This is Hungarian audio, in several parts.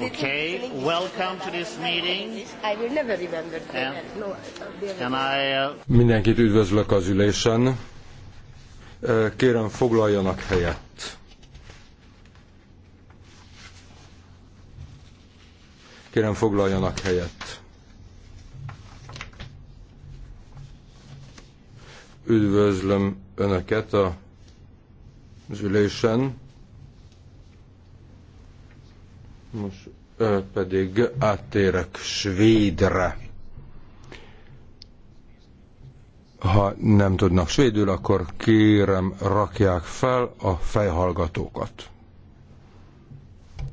Okay, welcome to this meeting. I will never remember no, Can I, uh... Mindenkit üdvözlök az ülésen. Kérem, foglaljanak helyet. Kérem, foglaljanak helyet. Üdvözlöm Önöket a, az ülésen. Most pedig áttérek svédre. Ha nem tudnak svédül, akkor kérem, rakják fel a fejhallgatókat.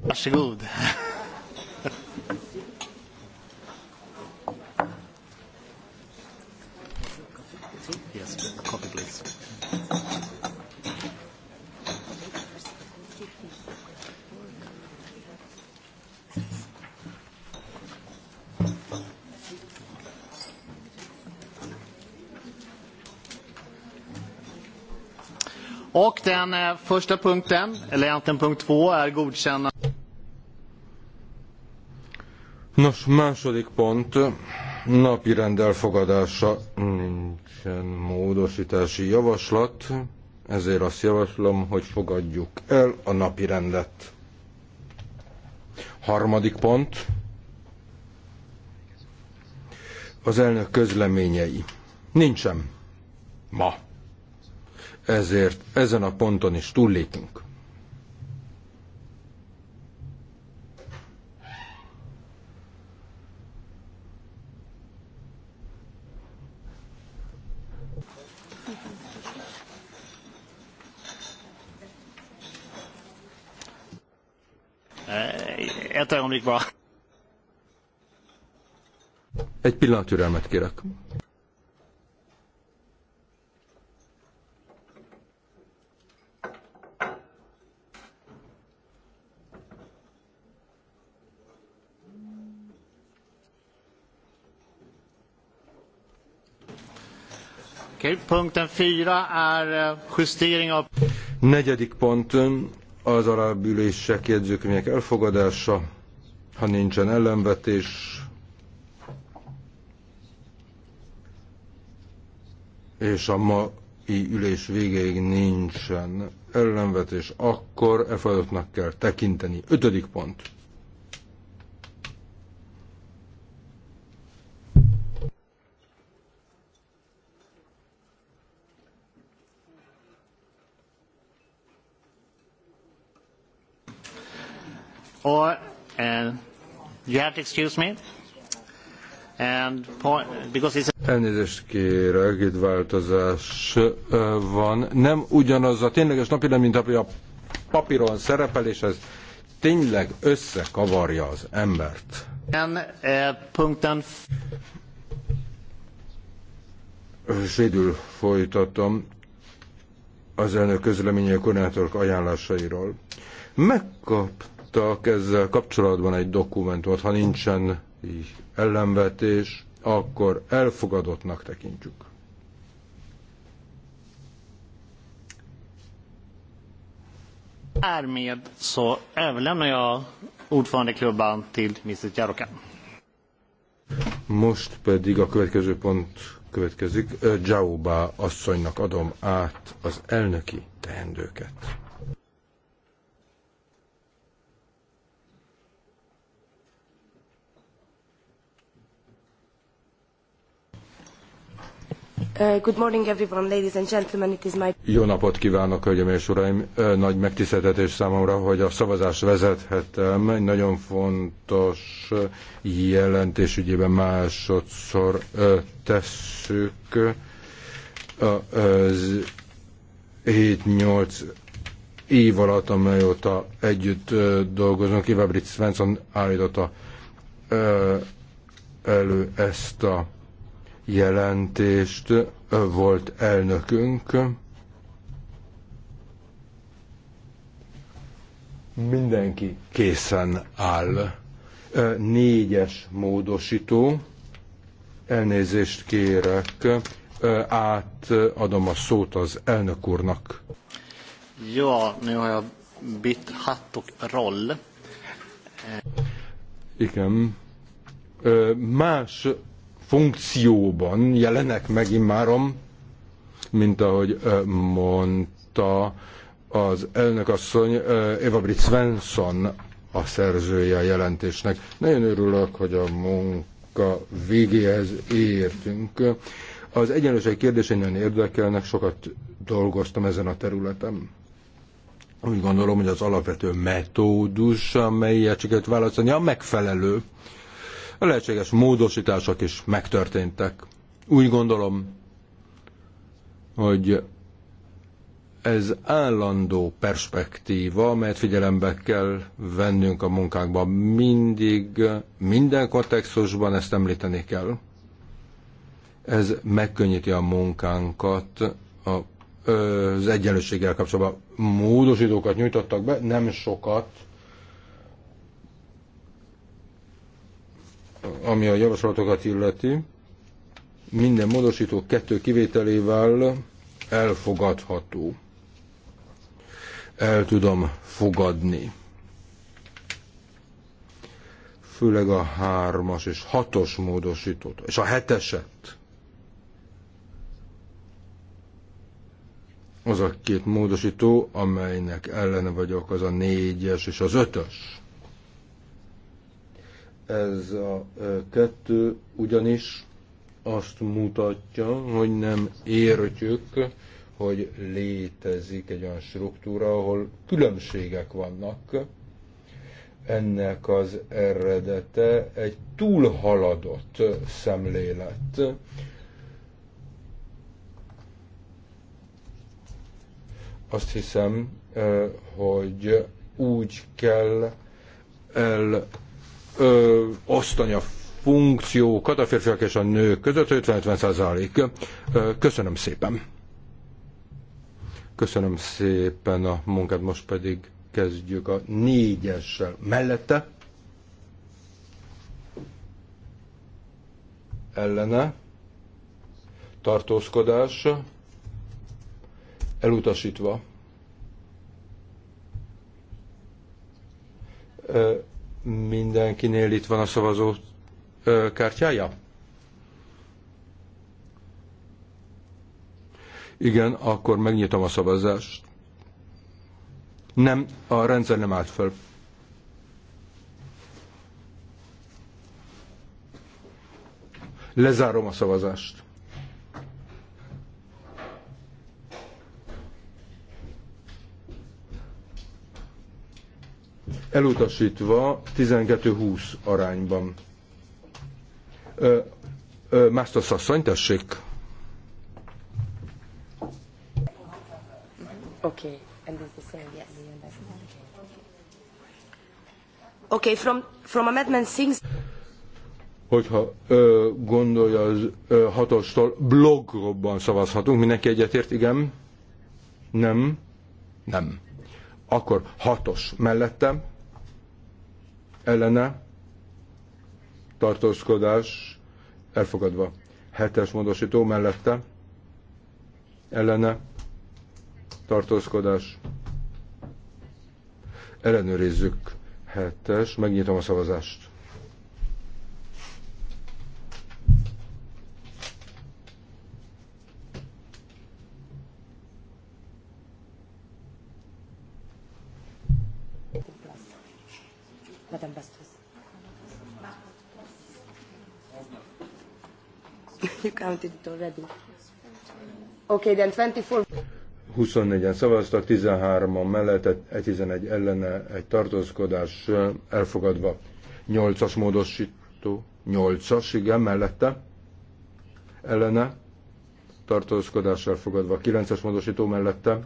Köszönöm. Och den eh, första punkten, eller egentligen punkt två, är godkänna. Nos, második pont, napi rend elfogadása, nincsen módosítási javaslat, ezért azt javaslom, hogy fogadjuk el a napi rendet. Harmadik pont, az elnök közleményei. Nincsen. Ma ezért ezen a ponton is túllépünk. Eh, Egy pillanat türelmet kérek. punkten fyra är eh, justering av... Negyedik pont eh, az alábülések jegyzőkönyvek elfogadása, ha nincsen ellenvetés, és a mai ülés végéig nincsen ellenvetés, akkor elfogadottnak kell tekinteni. Ötödik pont. or uh, you have to excuse me. And point, because it's Elnézést kérek, itt változás van. Nem ugyanaz a tényleges napi, de mint a papíron szerepel, és ez tényleg összekavarja az embert. En, eh, Svédül folytatom az elnök közleménye a koordinátorok ajánlásairól. Megkap írtak ezzel kapcsolatban egy dokumentumot. Ha nincsen ellenvetés, akkor elfogadottnak tekintjük. Härmed så överlämnar eh, jag ordförandeklubban till Mr. Jarokan. Most pedig a következő pont következik. Jaubá asszonynak adom át az elnöki teendőket. Uh, good morning everyone, ladies and gentlemen, it is my... Jó napot kívánok, hölgyeim és uraim! Nagy megtiszteltetés számomra, hogy a szavazást vezethettem. Egy nagyon fontos jelentés ügyében másodszor tesszük az 7-8 év alatt, amely óta együtt dolgozunk. Iva Britt Svensson állította elő ezt a jelentést volt elnökünk. Mindenki készen áll. Négyes módosító. Elnézést kérek. Átadom a szót az elnök úrnak. Ja, nu har bit hattok roll. Igen. Más funkcióban jelenek meg immárom, mint ahogy mondta az asszony Eva Brit Svensson a szerzője a jelentésnek. Nagyon örülök, hogy a munka végéhez értünk. Az egyenlőség kérdésén nagyon érdekelnek, sokat dolgoztam ezen a területen. Úgy gondolom, hogy az alapvető metódus, amelyet sikerült választani, a megfelelő a lehetséges módosítások is megtörténtek. Úgy gondolom, hogy ez állandó perspektíva, amelyet figyelembe kell vennünk a munkánkban. Mindig, minden kontextusban ezt említeni kell. Ez megkönnyíti a munkánkat a, az egyenlőséggel kapcsolatban. Módosítókat nyújtottak be, nem sokat, ami a javaslatokat illeti, minden módosító kettő kivételével elfogadható. El tudom fogadni. Főleg a hármas és hatos módosítót, és a heteset. Az a két módosító, amelynek ellene vagyok, az a négyes és az ötös. Ez a kettő ugyanis azt mutatja, hogy nem értjük, hogy létezik egy olyan struktúra, ahol különbségek vannak. Ennek az eredete egy túlhaladott szemlélet. Azt hiszem, hogy úgy kell el ö, a funkciókat a férfiak és a nők között 50-50 százalék. Köszönöm szépen. Köszönöm szépen a munkát, most pedig kezdjük a négyessel mellette. Ellene. Tartózkodás. Elutasítva. Mindenkinél itt van a szavazó kártyája? Igen, akkor megnyitom a szavazást. Nem, a rendszer nem állt föl. Lezárom a szavazást. elutasítva 12-20 arányban. Másztasz asszony, tessék! Okay, and this is uh, the same, yes. Okay, from, from amendment six... Hogyha ö, gondolja az ö, hatostól, blogban szavazhatunk, mindenki egyetért, igen? Nem? Nem. Akkor hatos mellettem ellene tartózkodás elfogadva. Hetes módosító mellette ellene tartózkodás ellenőrizzük. Hetes, megnyitom a szavazást. counted it already. Okay, then 24. 24-en szavaztak, 13-an mellett, 11 ellene, egy tartózkodás elfogadva. 8-as módosító, 8-as, igen, mellette, ellene, tartózkodás elfogadva. 9-es módosító mellette,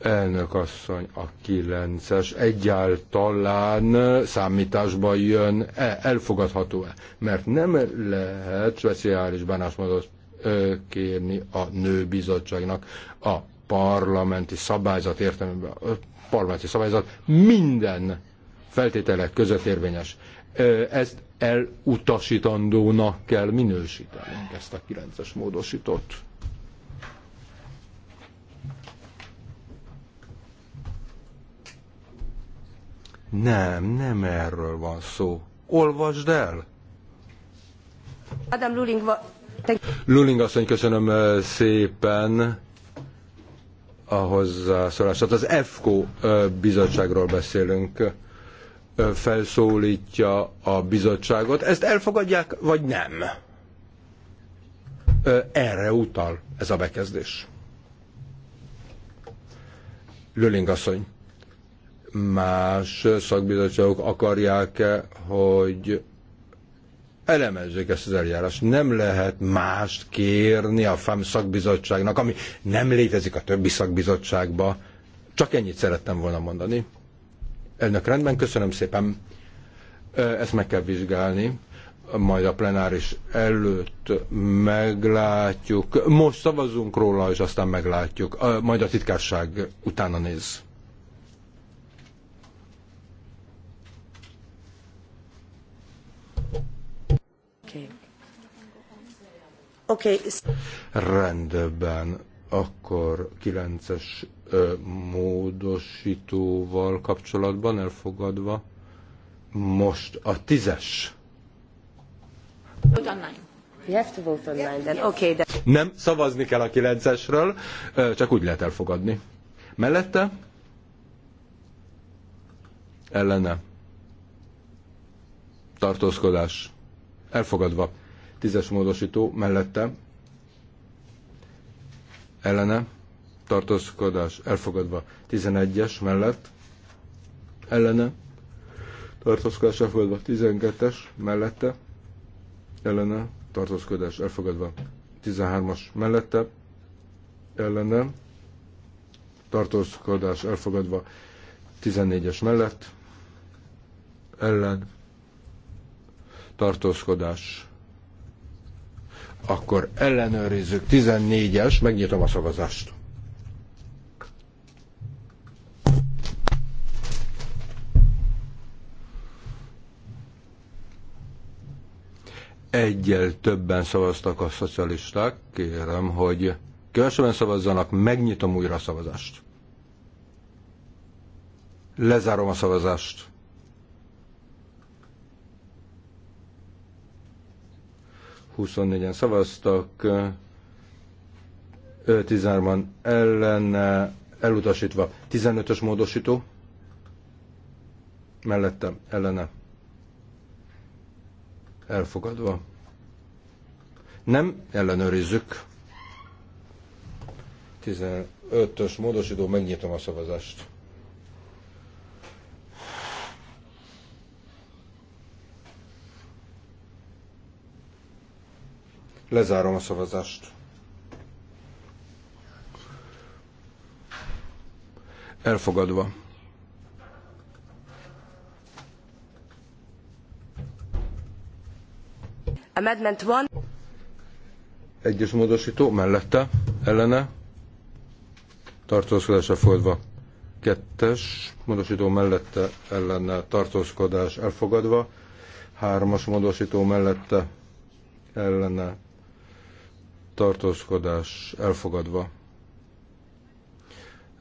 Elnök asszony, a kilences egyáltalán számításba jön-e, elfogadható-e? Mert nem lehet speciális bánásmódot kérni a nőbizottságnak a parlamenti szabályzat értelemben. A parlamenti szabályzat minden feltételek között érvényes. Ezt elutasítandónak kell minősítenünk, ezt a kilences módosított. Nem, nem erről van szó. Olvasd el! Adam Luling, va- Luling asszony, köszönöm eh, szépen a hozzászólását. Az EFKO eh, bizottságról beszélünk. Eh, felszólítja a bizottságot. Ezt elfogadják, vagy nem? Erre utal ez a bekezdés. Lőling asszony más szakbizottságok akarják-e, hogy elemezzék ezt az eljárást. Nem lehet mást kérni a FAM szakbizottságnak, ami nem létezik a többi szakbizottságba. Csak ennyit szerettem volna mondani. Elnök rendben, köszönöm szépen. Ezt meg kell vizsgálni majd a plenáris előtt meglátjuk. Most szavazunk róla, és aztán meglátjuk. Majd a titkárság utána néz. Okay. Rendben, akkor 9-es módosítóval kapcsolatban elfogadva. Most a 10-es. Nem, szavazni kell a 9-esről, csak úgy lehet elfogadni. Mellette? Ellene. Tartózkodás. Elfogadva. Tízes módosító mellette ellene tartózkodás elfogadva. 11-es mellett ellene tartózkodás elfogadva. 12-es mellette ellene tartózkodás elfogadva. 13-as mellette ellene tartózkodás elfogadva. 14-es mellett ellen tartózkodás akkor ellenőrizzük 14-es, megnyitom a szavazást. Egyel többen szavaztak a szocialisták, kérem, hogy kövesebben szavazzanak, megnyitom újra a szavazást. Lezárom a szavazást. 24-en szavaztak, 13-an ellen elutasítva 15-ös módosító, mellettem ellene, elfogadva. Nem, ellenőrizzük. 15-ös módosító, megnyitom a szavazást. Lezárom a szavazást. Elfogadva. Amendment van. Egyes módosító mellette, ellene, Tartózkodásra fogadva. Kettes módosító mellette, ellene, tartózkodás elfogadva. Hármas módosító mellette, ellene, tartózkodás elfogadva.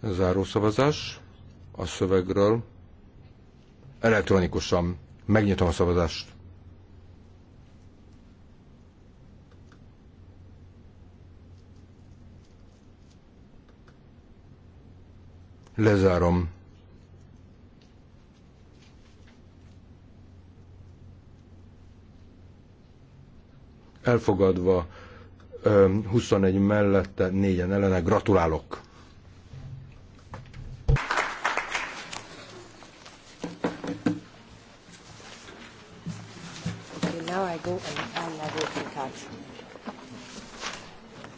Zárószavazás a szövegről. Elektronikusan megnyitom a szavazást. Lezárom. Elfogadva 21 mellette, 4-en ellene. Gratulálok! now I go and I'm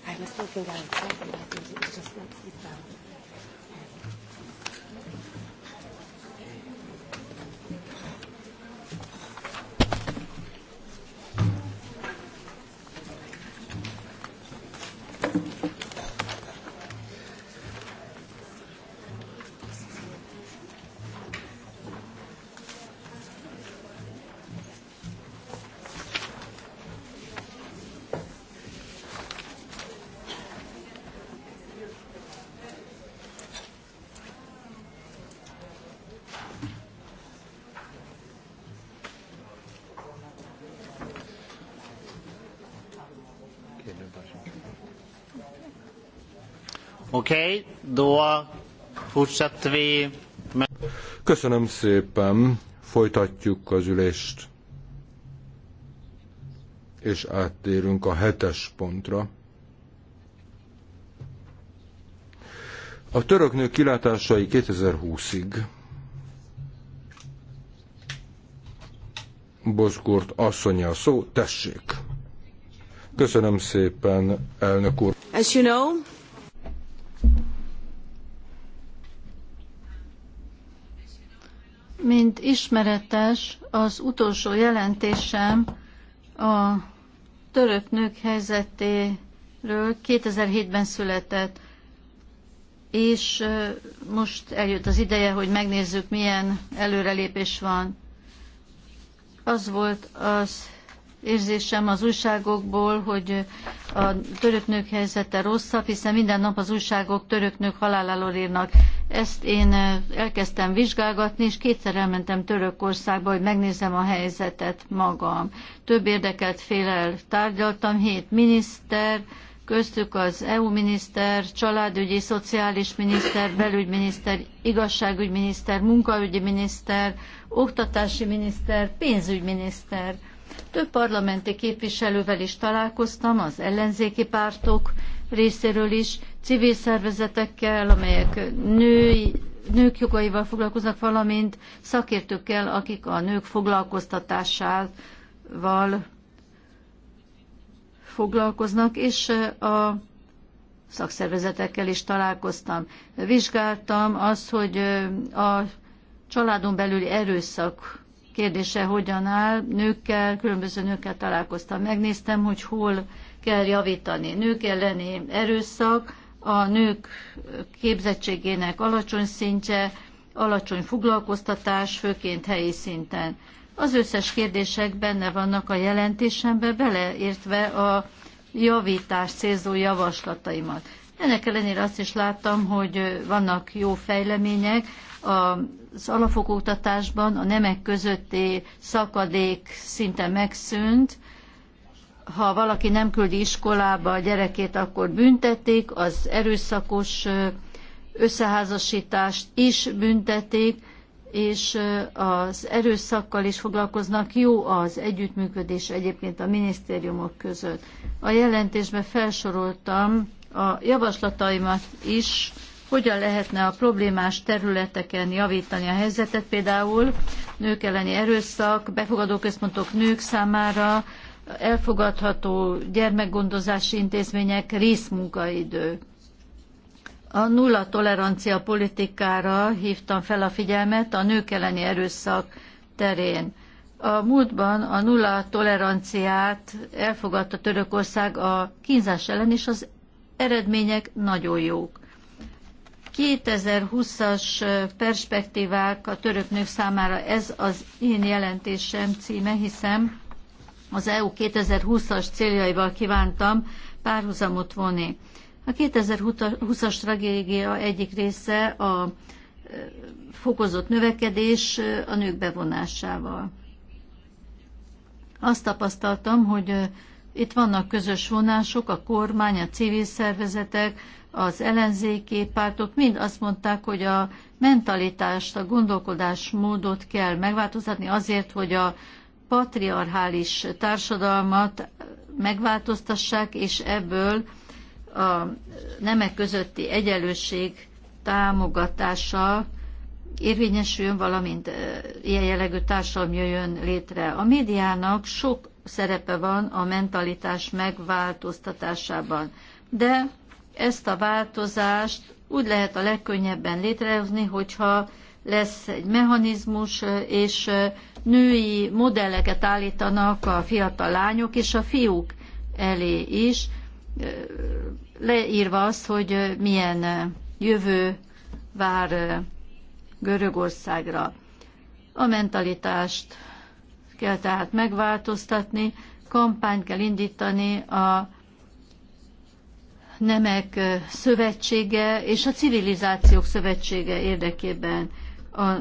I was thinking I'm it's just like down. Köszönöm szépen, folytatjuk az ülést. És áttérünk a hetes pontra. A török nők kilátásai 2020-ig. Bozkurt asszonya a szó, tessék. Köszönöm szépen, elnök úr. As you know, ismeretes az utolsó jelentésem a török nők helyzetéről 2007-ben született, és most eljött az ideje, hogy megnézzük, milyen előrelépés van. Az volt az érzésem az újságokból, hogy a török nők helyzete rosszabb, hiszen minden nap az újságok török nők haláláról írnak. Ezt én elkezdtem vizsgálgatni, és kétszer elmentem Törökországba, hogy megnézem a helyzetet magam. Több érdekelt félel tárgyaltam, hét miniszter, köztük az EU miniszter, családügyi, szociális miniszter, belügyminiszter, igazságügyminiszter, munkaügyi miniszter, oktatási miniszter, pénzügyminiszter. Több parlamenti képviselővel is találkoztam, az ellenzéki pártok részéről is, civil szervezetekkel, amelyek női, nők jogaival foglalkoznak, valamint szakértőkkel, akik a nők foglalkoztatásával foglalkoznak, és a szakszervezetekkel is találkoztam. Vizsgáltam azt, hogy a családon belüli erőszak kérdése hogyan áll, nőkkel, különböző nőkkel találkoztam. Megnéztem, hogy hol kell javítani. Nők elleni erőszak, a nők képzettségének alacsony szintje, alacsony foglalkoztatás, főként helyi szinten. Az összes kérdések benne vannak a jelentésembe, beleértve a javítás célzó javaslataimat. Ennek ellenére azt is láttam, hogy vannak jó fejlemények az alapfokoktatásban, a nemek közötti szakadék szinte megszűnt, ha valaki nem küldi iskolába a gyerekét, akkor büntetik, az erőszakos összeházasítást is büntetik, és az erőszakkal is foglalkoznak. Jó az együttműködés egyébként a minisztériumok között. A jelentésben felsoroltam a javaslataimat is, hogyan lehetne a problémás területeken javítani a helyzetet, például nők elleni erőszak, befogadó központok nők számára, elfogadható gyermekgondozási intézmények részmunkaidő. A nulla tolerancia politikára hívtam fel a figyelmet a nők elleni erőszak terén. A múltban a nulla toleranciát elfogadta Törökország a kínzás ellen, és az eredmények nagyon jók. 2020-as perspektívák a török nők számára ez az én jelentésem címe, hiszem az EU 2020-as céljaival kívántam párhuzamot vonni. A 2020-as stratégia egyik része a e, fokozott növekedés e, a nők bevonásával. Azt tapasztaltam, hogy e, itt vannak közös vonások, a kormány, a civil szervezetek, az ellenzéki pártok mind azt mondták, hogy a mentalitást, a gondolkodásmódot kell megváltoztatni azért, hogy a patriarchális társadalmat megváltoztassák, és ebből a nemek közötti egyenlőség támogatása érvényesüljön, valamint ilyen jellegű társadalom jöjjön létre. A médiának sok szerepe van a mentalitás megváltoztatásában, de ezt a változást úgy lehet a legkönnyebben létrehozni, hogyha lesz egy mechanizmus, és női modelleket állítanak a fiatal lányok és a fiúk elé is, leírva azt, hogy milyen jövő vár Görögországra. A mentalitást kell tehát megváltoztatni, kampányt kell indítani a nemek szövetsége és a civilizációk szövetsége érdekében a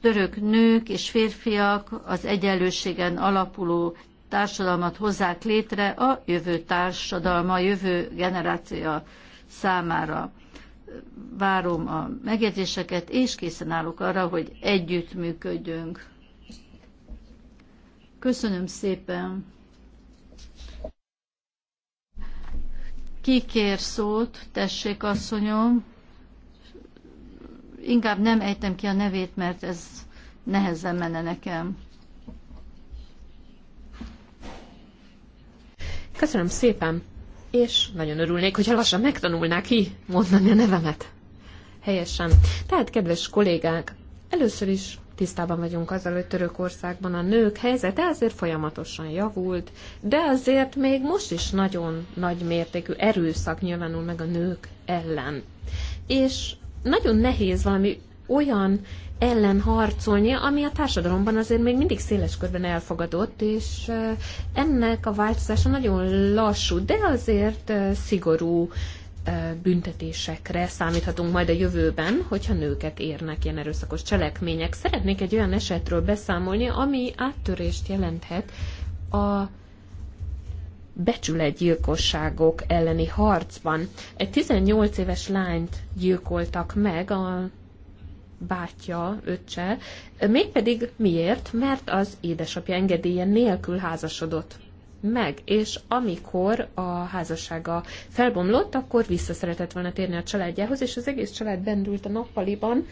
török nők és férfiak az egyenlőségen alapuló társadalmat hozzák létre a jövő társadalma, a jövő generációja számára. Várom a megjegyzéseket, és készen állok arra, hogy együtt működjünk. Köszönöm szépen! Ki kér szót, tessék asszonyom? inkább nem ejtem ki a nevét, mert ez nehezen menne nekem. Köszönöm szépen, és nagyon örülnék, hogyha lassan megtanulná ki mondani a nevemet. Helyesen. Tehát, kedves kollégák, először is tisztában vagyunk azzal, hogy Törökországban a nők helyzete azért folyamatosan javult, de azért még most is nagyon nagy mértékű erőszak nyilvánul meg a nők ellen. És nagyon nehéz valami olyan ellen harcolni, ami a társadalomban azért még mindig széles körben elfogadott, és ennek a változása nagyon lassú, de azért szigorú büntetésekre számíthatunk majd a jövőben, hogyha nőket érnek ilyen erőszakos cselekmények. Szeretnék egy olyan esetről beszámolni, ami áttörést jelenthet a becsületgyilkosságok elleni harcban. Egy 18 éves lányt gyilkoltak meg a bátyja, öccse, mégpedig miért? Mert az édesapja engedélye nélkül házasodott meg, és amikor a házassága felbomlott, akkor vissza szeretett volna térni a családjához, és az egész család bendült a nappaliban,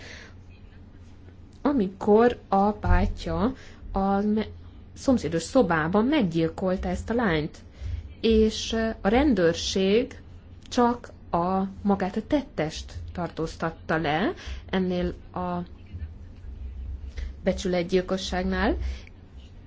amikor a bátyja a szomszédos szobában meggyilkolta ezt a lányt és a rendőrség csak a magát a tettest tartóztatta le ennél a becsületgyilkosságnál,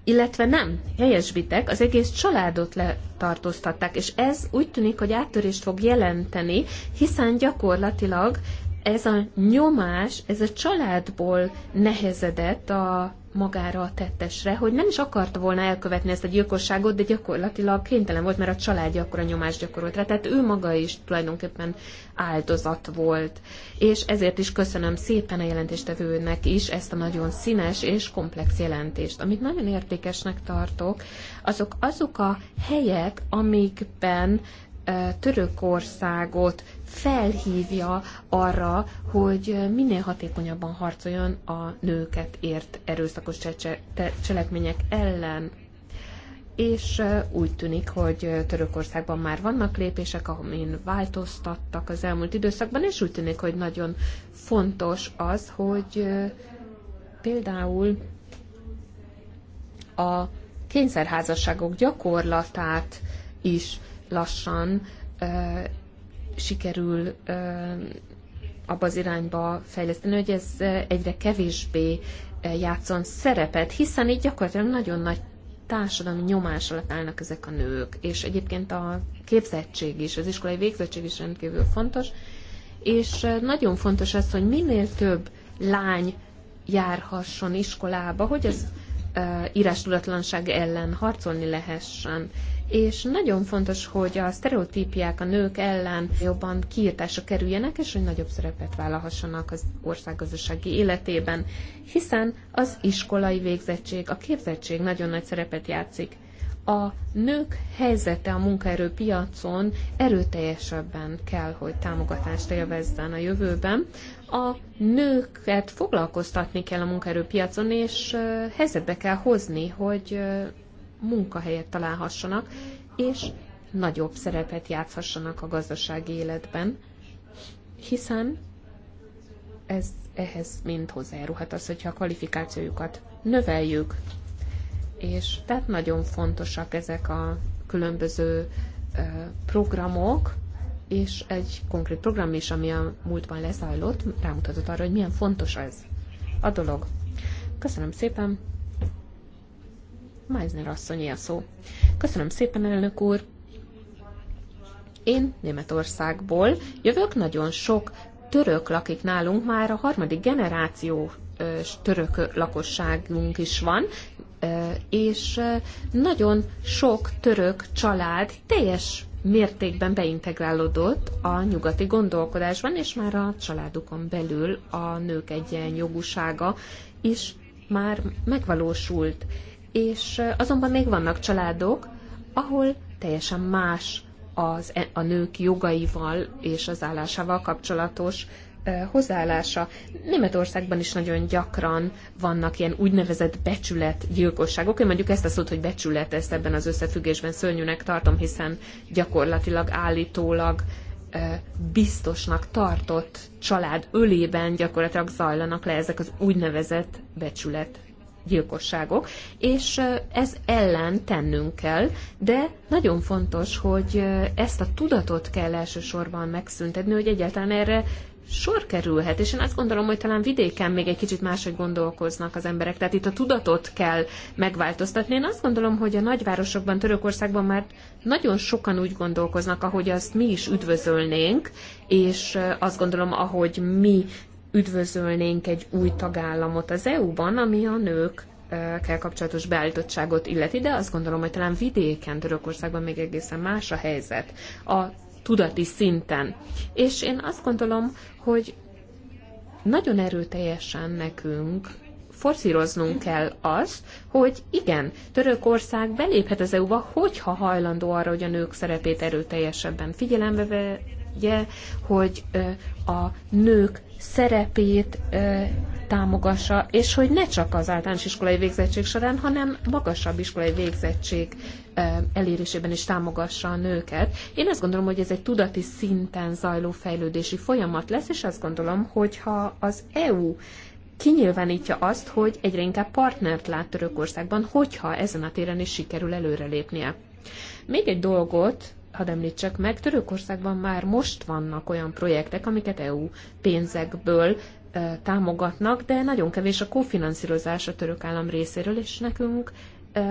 illetve nem, helyesbitek, az egész családot letartóztatták, és ez úgy tűnik, hogy áttörést fog jelenteni, hiszen gyakorlatilag ez a nyomás, ez a családból nehezedett a magára a tettesre, hogy nem is akarta volna elkövetni ezt a gyilkosságot, de gyakorlatilag kénytelen volt, mert a családja akkor a nyomást gyakorolt rá. Tehát ő maga is tulajdonképpen áldozat volt. És ezért is köszönöm szépen a jelentéstevőnek is ezt a nagyon színes és komplex jelentést. Amit nagyon értékesnek tartok, azok azok a helyek, amikben Törökországot felhívja arra, hogy minél hatékonyabban harcoljon a nőket ért erőszakos cselekmények ellen és úgy tűnik, hogy Törökországban már vannak lépések, amin változtattak az elmúlt időszakban, és úgy tűnik, hogy nagyon fontos az, hogy például a kényszerházasságok gyakorlatát is lassan sikerül abba az irányba fejleszteni, hogy ez egyre kevésbé játszon szerepet, hiszen így gyakorlatilag nagyon nagy társadalmi nyomás alatt állnak ezek a nők, és egyébként a képzettség is, az iskolai végzettség is rendkívül fontos, és nagyon fontos az, hogy minél több lány járhasson iskolába, hogy az írástudatlanság ellen harcolni lehessen és nagyon fontos, hogy a sztereotípiák a nők ellen jobban kiírtásra kerüljenek, és hogy nagyobb szerepet vállalhassanak az országgazdasági életében, hiszen az iskolai végzettség, a képzettség nagyon nagy szerepet játszik. A nők helyzete a munkaerőpiacon erőteljesebben kell, hogy támogatást élvezzen a jövőben. A nőket foglalkoztatni kell a munkaerőpiacon, és helyzetbe kell hozni, hogy munkahelyet találhassanak, és nagyobb szerepet játszhassanak a gazdasági életben, hiszen ez ehhez mind hozzájárulhat az, hogyha a kvalifikációjukat növeljük. És tehát nagyon fontosak ezek a különböző programok, és egy konkrét program is, ami a múltban lezajlott, rámutatott arra, hogy milyen fontos ez a dolog. Köszönöm szépen! Meisner asszony a szó. Köszönöm szépen, elnök úr! Én Németországból jövök, nagyon sok török lakik nálunk, már a harmadik generáció török lakosságunk is van, és nagyon sok török család teljes mértékben beintegrálódott a nyugati gondolkodásban, és már a családukon belül a nők egyenjogúsága is már megvalósult és azonban még vannak családok, ahol teljesen más az, e, a nők jogaival és az állásával kapcsolatos hozzáállása. Németországban is nagyon gyakran vannak ilyen úgynevezett becsületgyilkosságok. Én mondjuk ezt a szót, hogy becsület, ezt ebben az összefüggésben szörnyűnek tartom, hiszen gyakorlatilag állítólag biztosnak tartott család ölében gyakorlatilag zajlanak le ezek az úgynevezett becsület gyilkosságok, és ez ellen tennünk kell, de nagyon fontos, hogy ezt a tudatot kell elsősorban megszüntetni, hogy egyáltalán erre sor kerülhet, és én azt gondolom, hogy talán vidéken még egy kicsit máshogy gondolkoznak az emberek, tehát itt a tudatot kell megváltoztatni. Én azt gondolom, hogy a nagyvárosokban, Törökországban már nagyon sokan úgy gondolkoznak, ahogy azt mi is üdvözölnénk, és azt gondolom, ahogy mi üdvözölnénk egy új tagállamot az EU-ban, ami a nők kell kapcsolatos beállítottságot illeti, de azt gondolom, hogy talán vidéken Törökországban még egészen más a helyzet a tudati szinten. És én azt gondolom, hogy nagyon erőteljesen nekünk forszíroznunk kell az, hogy igen, Törökország beléphet az EU-ba, hogyha hajlandó arra, hogy a nők szerepét erőteljesebben figyelembe ugye, hogy a nők szerepét támogassa, és hogy ne csak az általános iskolai végzettség során, hanem magasabb iskolai végzettség elérésében is támogassa a nőket. Én azt gondolom, hogy ez egy tudati szinten zajló fejlődési folyamat lesz, és azt gondolom, hogyha az EU kinyilvánítja azt, hogy egyre inkább partnert lát Törökországban, hogyha ezen a téren is sikerül előrelépnie. Még egy dolgot hadd említsek meg, Törökországban már most vannak olyan projektek, amiket EU pénzekből támogatnak, de nagyon kevés a kofinanszírozás a török állam részéről, és nekünk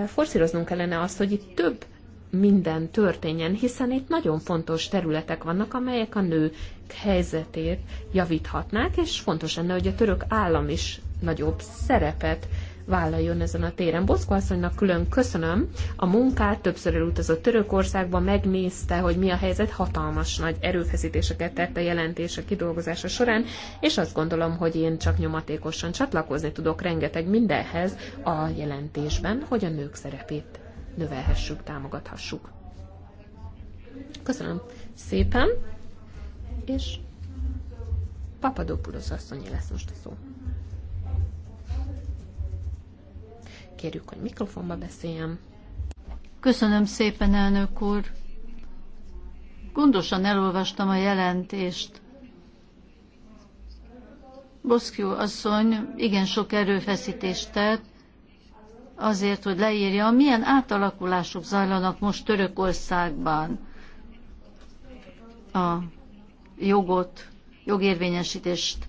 forszíroznunk kellene azt, hogy itt több minden történjen, hiszen itt nagyon fontos területek vannak, amelyek a nők helyzetét javíthatnák, és fontos lenne, hogy a török állam is nagyobb szerepet vállaljon ezen a téren. Boszko asszonynak külön köszönöm a munkát, többször elutazott Törökországba, megnézte, hogy mi a helyzet, hatalmas nagy erőfeszítéseket tett a jelentések kidolgozása során, és azt gondolom, hogy én csak nyomatékosan csatlakozni tudok rengeteg mindenhez a jelentésben, hogy a nők szerepét növelhessük, támogathassuk. Köszönöm szépen, és Papadopoulos asszonyi lesz most a szó. kérjük, hogy mikrofonba beszéljen. Köszönöm szépen, elnök úr. Gondosan elolvastam a jelentést. Boszkjú asszony igen sok erőfeszítést tett azért, hogy leírja, milyen átalakulások zajlanak most Törökországban a jogot, jogérvényesítést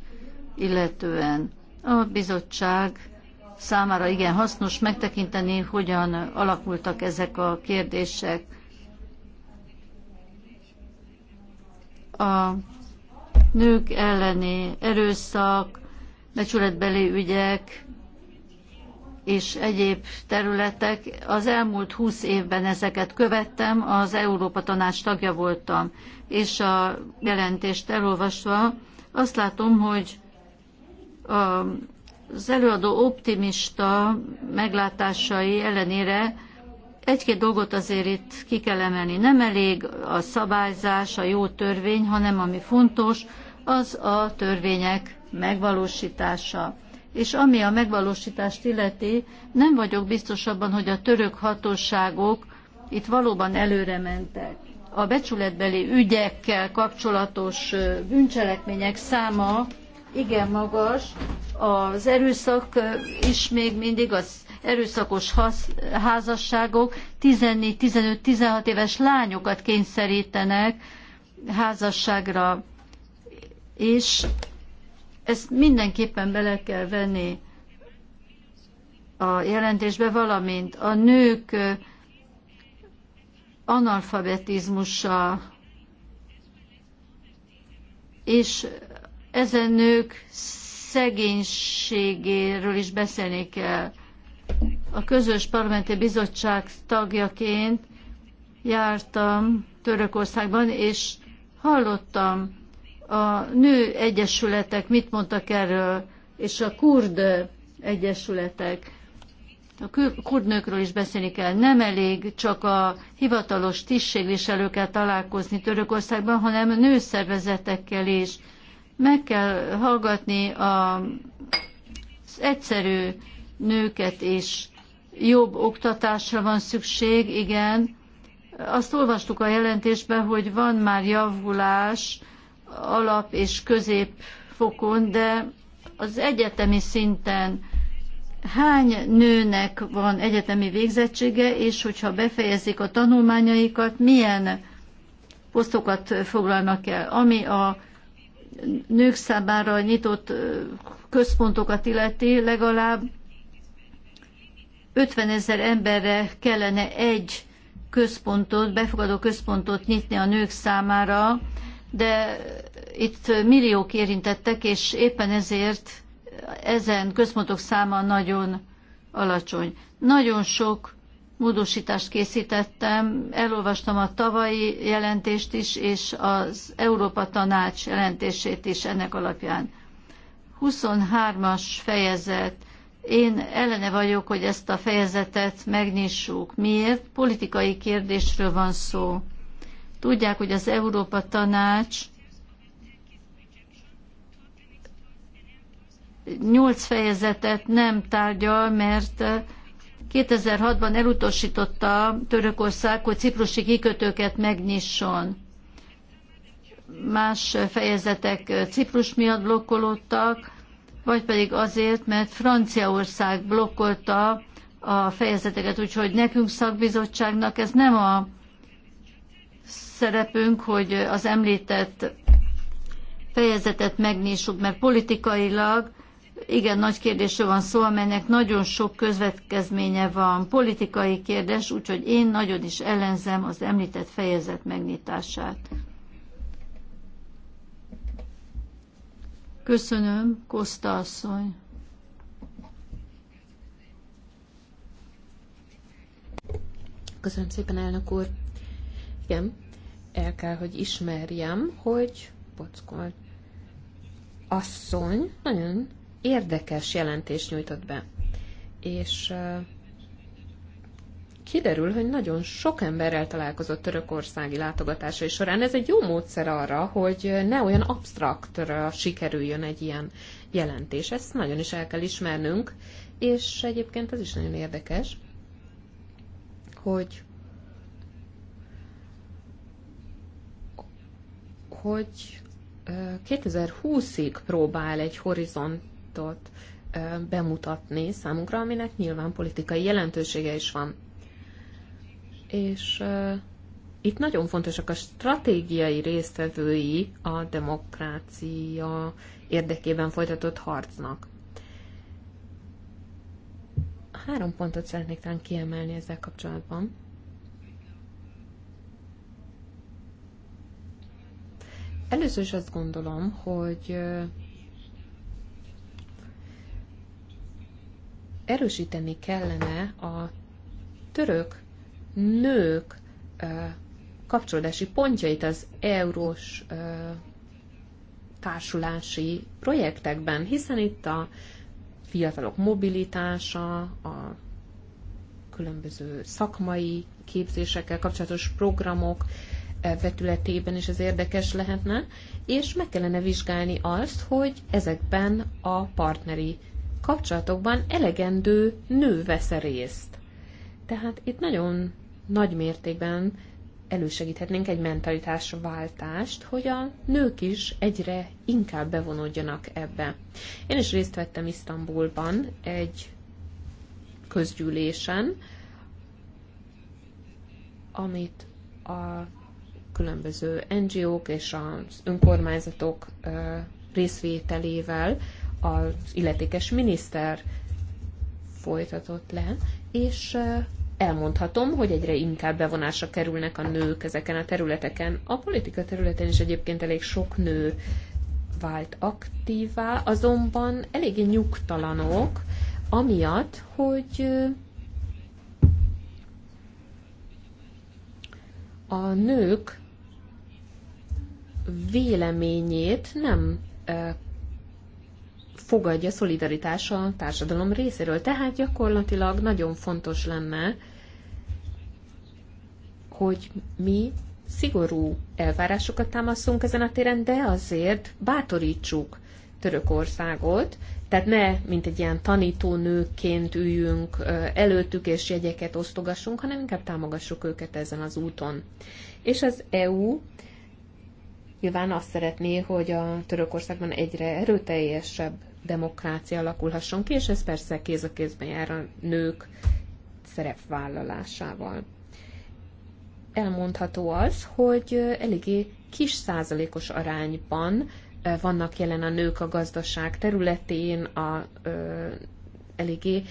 illetően. A bizottság számára igen hasznos megtekinteni, hogyan alakultak ezek a kérdések. A nők elleni erőszak, becsületbeli ügyek és egyéb területek. Az elmúlt húsz évben ezeket követtem, az Európa Tanács tagja voltam, és a jelentést elolvasva azt látom, hogy a az előadó optimista meglátásai ellenére egy-két dolgot azért itt ki kell emelni. Nem elég a szabályzás, a jó törvény, hanem ami fontos, az a törvények megvalósítása. És ami a megvalósítást illeti, nem vagyok biztos abban, hogy a török hatóságok itt valóban előre mentek. A becsületbeli ügyekkel kapcsolatos bűncselekmények száma igen magas, az erőszak is még mindig az erőszakos házasságok 14-15-16 éves lányokat kényszerítenek házasságra, és ezt mindenképpen bele kell venni a jelentésbe, valamint a nők analfabetizmusa és ezen nők szegénységéről is beszélni kell. A közös parlamenti bizottság tagjaként jártam Törökországban, és hallottam a nő egyesületek mit mondtak erről, és a kurd egyesületek. A kurdnőkről is beszélni kell. Nem elég csak a hivatalos tisztségviselőkkel találkozni Törökországban, hanem nőszervezetekkel is. Meg kell hallgatni a, az egyszerű nőket is. Jobb oktatásra van szükség, igen. Azt olvastuk a jelentésben, hogy van már javulás alap és középfokon, de az egyetemi szinten hány nőnek van egyetemi végzettsége, és hogyha befejezik a tanulmányaikat, milyen posztokat foglalnak el, ami a nők számára nyitott központokat illeti, legalább 50 ezer emberre kellene egy központot, befogadó központot nyitni a nők számára, de itt milliók érintettek, és éppen ezért ezen központok száma nagyon alacsony. Nagyon sok módosítást készítettem, elolvastam a tavalyi jelentést is, és az Európa Tanács jelentését is ennek alapján. 23-as fejezet. Én ellene vagyok, hogy ezt a fejezetet megnyissuk. Miért? Politikai kérdésről van szó. Tudják, hogy az Európa Tanács nyolc fejezetet nem tárgyal, mert 2006-ban elutasította Törökország, hogy ciprusi kikötőket megnyisson. Más fejezetek Ciprus miatt blokkolódtak, vagy pedig azért, mert Franciaország blokkolta a fejezeteket, úgyhogy nekünk szakbizottságnak ez nem a szerepünk, hogy az említett fejezetet megnyissuk, mert politikailag igen nagy kérdésről van szó, amelynek nagyon sok közvetkezménye van, politikai kérdés, úgyhogy én nagyon is ellenzem az említett fejezet megnyitását. Köszönöm, Koszta asszony. Köszönöm szépen, elnök úr. Igen, el kell, hogy ismerjem, hogy Pockolt asszony nagyon érdekes jelentést nyújtott be. És kiderül, hogy nagyon sok emberrel találkozott törökországi látogatásai során. Ez egy jó módszer arra, hogy ne olyan absztraktra sikerüljön egy ilyen jelentés. Ezt nagyon is el kell ismernünk, és egyébként az is nagyon érdekes, hogy hogy 2020-ig próbál egy horizont folyamatot bemutatni számunkra, aminek nyilván politikai jelentősége is van. És itt nagyon fontosak a stratégiai résztvevői a demokrácia érdekében folytatott harcnak. Három pontot szeretnék talán kiemelni ezzel kapcsolatban. Először is azt gondolom, hogy erősíteni kellene a török nők kapcsolódási pontjait az eurós társulási projektekben, hiszen itt a fiatalok mobilitása, a különböző szakmai képzésekkel kapcsolatos programok vetületében is ez érdekes lehetne, és meg kellene vizsgálni azt, hogy ezekben a partneri kapcsolatokban elegendő nő vesz részt. Tehát itt nagyon nagy mértékben elősegíthetnénk egy mentalitás váltást, hogy a nők is egyre inkább bevonódjanak ebbe. Én is részt vettem Isztambulban egy közgyűlésen, amit a különböző NGO-k és az önkormányzatok részvételével az illetékes miniszter folytatott le, és elmondhatom, hogy egyre inkább bevonásra kerülnek a nők ezeken a területeken. A politika területen is egyébként elég sok nő vált aktívá, azonban eléggé nyugtalanok, amiatt, hogy a nők véleményét nem fogadja szolidaritás a társadalom részéről. Tehát gyakorlatilag nagyon fontos lenne, hogy mi szigorú elvárásokat támaszunk ezen a téren, de azért bátorítsuk Törökországot, tehát ne, mint egy ilyen tanítónőként üljünk előttük és jegyeket osztogassunk, hanem inkább támogassuk őket ezen az úton. És az EU nyilván azt szeretné, hogy a Törökországban egyre erőteljesebb demokrácia alakulhasson ki, és ez persze kéz a kézben jár a nők szerepvállalásával. Elmondható az, hogy eléggé kis százalékos arányban vannak jelen a nők a gazdaság területén, a, ö, eléggé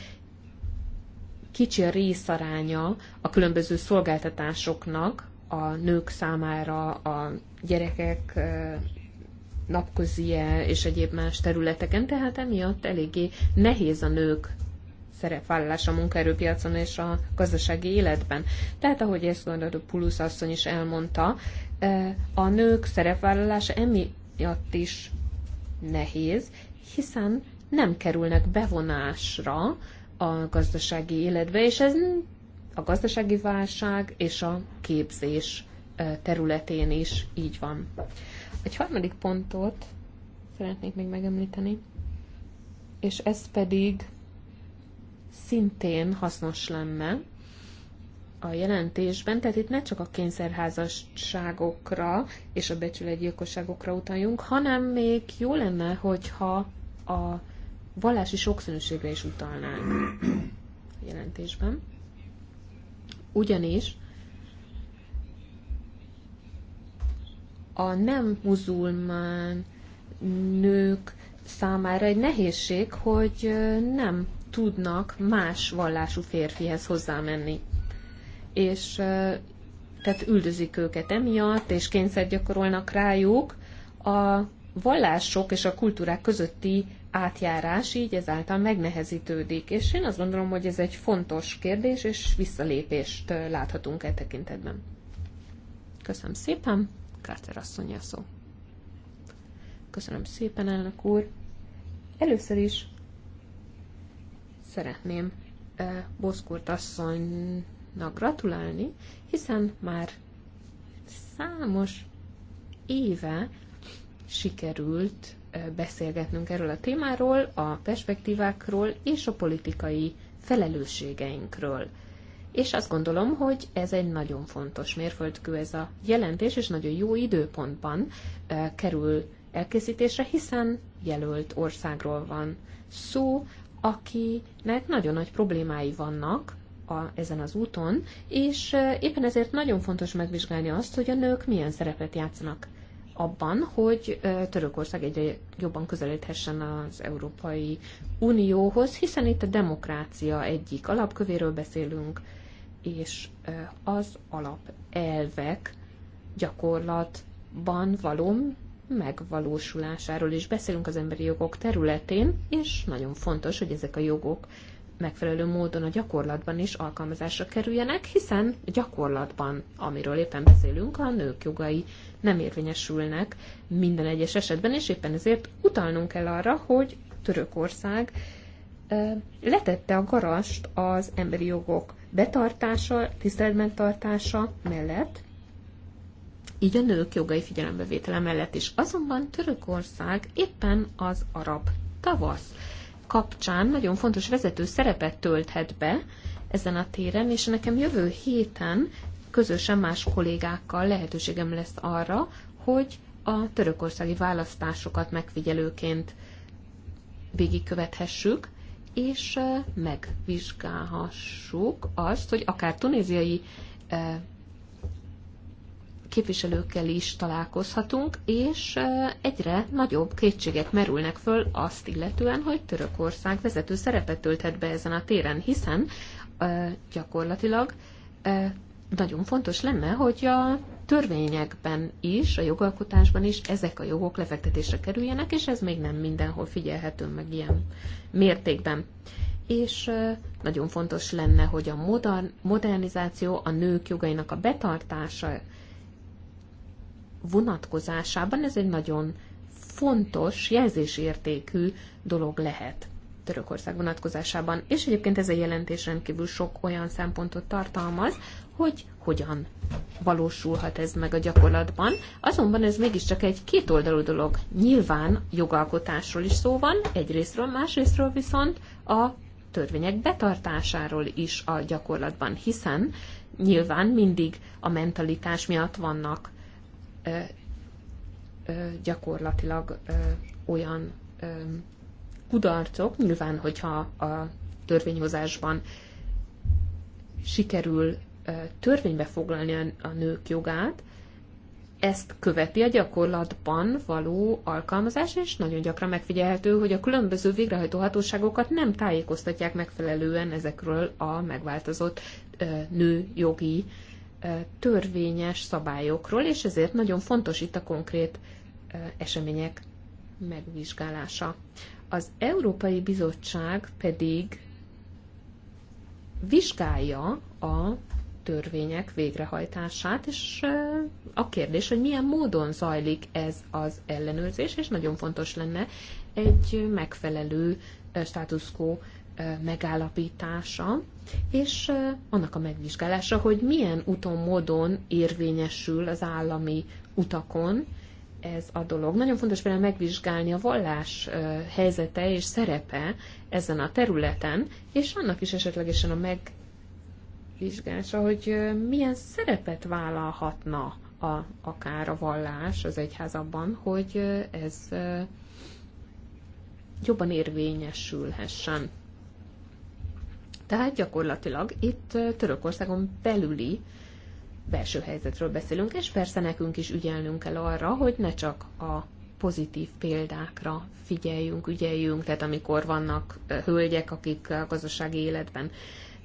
kicsi a részaránya a különböző szolgáltatásoknak a nők számára, a gyerekek napközi és egyéb más területeken, tehát emiatt eléggé nehéz a nők szerepvállalás a munkaerőpiacon és a gazdasági életben. Tehát, ahogy ezt gondolod, a Pulusz asszony is elmondta, e, a nők szerepvállalása emiatt is nehéz, hiszen nem kerülnek bevonásra a gazdasági életbe, és ez a gazdasági válság és a képzés e, területén is így van. Egy harmadik pontot szeretnék még megemlíteni, és ez pedig szintén hasznos lenne a jelentésben, tehát itt ne csak a kényszerházasságokra és a becsületgyilkosságokra utaljunk, hanem még jó lenne, hogyha a vallási sokszínűségre is utalnánk a jelentésben. Ugyanis a nem muzulmán nők számára egy nehézség, hogy nem tudnak más vallású férfihez hozzámenni. És tehát üldözik őket emiatt, és kényszer gyakorolnak rájuk. A vallások és a kultúrák közötti átjárás így ezáltal megnehezítődik, és én azt gondolom, hogy ez egy fontos kérdés, és visszalépést láthatunk e tekintetben. Köszönöm szépen! Carter asszony a szó. Köszönöm szépen, elnök úr. Először is szeretném eh, Boszkurt asszonynak gratulálni, hiszen már számos éve sikerült beszélgetnünk erről a témáról, a perspektívákról és a politikai felelősségeinkről és azt gondolom, hogy ez egy nagyon fontos mérföldkő ez a jelentés, és nagyon jó időpontban e, kerül elkészítésre, hiszen jelölt országról van szó, akinek nagyon nagy problémái vannak a, ezen az úton, és éppen ezért nagyon fontos megvizsgálni azt, hogy a nők milyen szerepet játszanak abban, hogy Törökország egyre jobban közelíthessen az Európai Unióhoz, hiszen itt a demokrácia egyik alapkövéről beszélünk, és az alapelvek gyakorlatban való megvalósulásáról is beszélünk az emberi jogok területén, és nagyon fontos, hogy ezek a jogok megfelelő módon a gyakorlatban is alkalmazásra kerüljenek, hiszen a gyakorlatban, amiről éppen beszélünk, a nők jogai nem érvényesülnek minden egyes esetben, és éppen ezért utalnunk kell arra, hogy Törökország letette a garast az emberi jogok betartása, tiszteletben tartása mellett, így a nők jogai figyelembevétele mellett is. Azonban Törökország éppen az arab tavasz kapcsán nagyon fontos vezető szerepet tölthet be ezen a téren, és nekem jövő héten közösen más kollégákkal lehetőségem lesz arra, hogy a törökországi választásokat megfigyelőként végigkövethessük, és megvizsgálhassuk azt, hogy akár tunéziai képviselőkkel is találkozhatunk, és egyre nagyobb kétségek merülnek föl azt illetően, hogy Törökország vezető szerepet tölthet be ezen a téren, hiszen gyakorlatilag nagyon fontos lenne, hogy a törvényekben is, a jogalkotásban is ezek a jogok lefektetésre kerüljenek, és ez még nem mindenhol figyelhető meg ilyen mértékben. És nagyon fontos lenne, hogy a modern, modernizáció a nők jogainak a betartása vonatkozásában ez egy nagyon fontos, jelzésértékű dolog lehet. Törökország vonatkozásában, és egyébként ez a jelentés rendkívül sok olyan szempontot tartalmaz, hogy hogyan valósulhat ez meg a gyakorlatban. Azonban ez mégiscsak egy kétoldalú dolog. Nyilván jogalkotásról is szó van, egyrésztről, másrésztről viszont a törvények betartásáról is a gyakorlatban, hiszen nyilván mindig a mentalitás miatt vannak ö, ö, gyakorlatilag ö, olyan ö, kudarcok, nyilván, hogyha a törvényhozásban sikerül törvénybe foglalni a nők jogát, ezt követi a gyakorlatban való alkalmazás, és nagyon gyakran megfigyelhető, hogy a különböző végrehajtó hatóságokat nem tájékoztatják megfelelően ezekről a megváltozott nőjogi törvényes szabályokról, és ezért nagyon fontos itt a konkrét események megvizsgálása. Az Európai Bizottság pedig vizsgálja a törvények végrehajtását, és eh, a kérdés, hogy milyen módon zajlik ez az ellenőrzés, és nagyon fontos lenne egy megfelelő eh, status quo eh, megállapítása, és annak a megvizsgálása, hogy milyen úton, módon érvényesül az állami utakon ez a dolog. Nagyon fontos például megvizsgálni a vallás helyzete és szerepe ezen a területen, és annak is esetlegesen a meg vizsgása, hogy milyen szerepet vállalhatna a, akár a vallás az egyház abban, hogy ez jobban érvényesülhessen. Tehát gyakorlatilag itt Törökországon belüli belső helyzetről beszélünk, és persze nekünk is ügyelnünk kell arra, hogy ne csak a pozitív példákra figyeljünk, ügyeljünk, tehát amikor vannak hölgyek, akik a gazdasági életben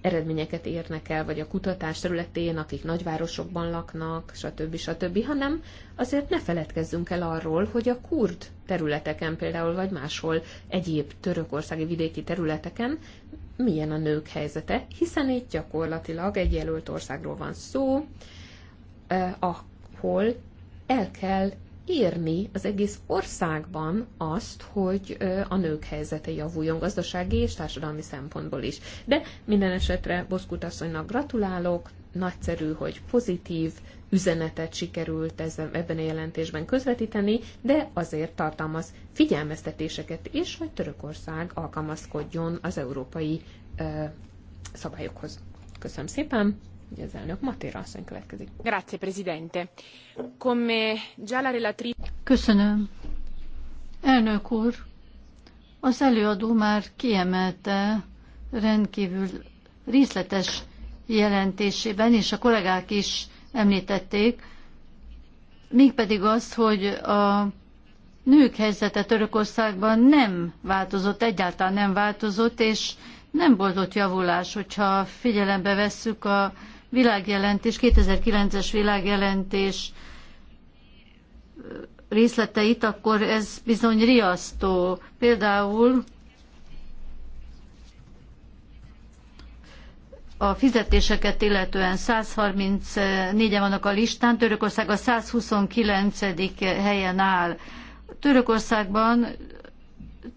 eredményeket érnek el, vagy a kutatás területén, akik nagyvárosokban laknak, stb. stb., hanem azért ne feledkezzünk el arról, hogy a kurd területeken például, vagy máshol egyéb törökországi vidéki területeken milyen a nők helyzete, hiszen itt gyakorlatilag egy jelölt országról van szó, eh, ahol el kell érni az egész országban azt, hogy a nők helyzete javuljon gazdasági és társadalmi szempontból is. De minden esetre Boszkut asszonynak gratulálok, nagyszerű, hogy pozitív üzenetet sikerült ezzel, ebben a jelentésben közvetíteni, de azért tartalmaz figyelmeztetéseket is, hogy Törökország alkalmazkodjon az európai ö, szabályokhoz. Köszönöm szépen! Ugye az elnök Matéra asszony következik. Grazie, Presidente. Come già la relatrice... Köszönöm. Elnök úr, az előadó már kiemelte rendkívül részletes jelentésében, és a kollégák is említették, mégpedig azt, hogy a nők helyzete Törökországban nem változott, egyáltalán nem változott, és nem volt ott javulás, hogyha figyelembe vesszük a világjelentés, 2009-es világjelentés részleteit, akkor ez bizony riasztó. Például a fizetéseket illetően 134-en vannak a listán, Törökország a 129. helyen áll. Törökországban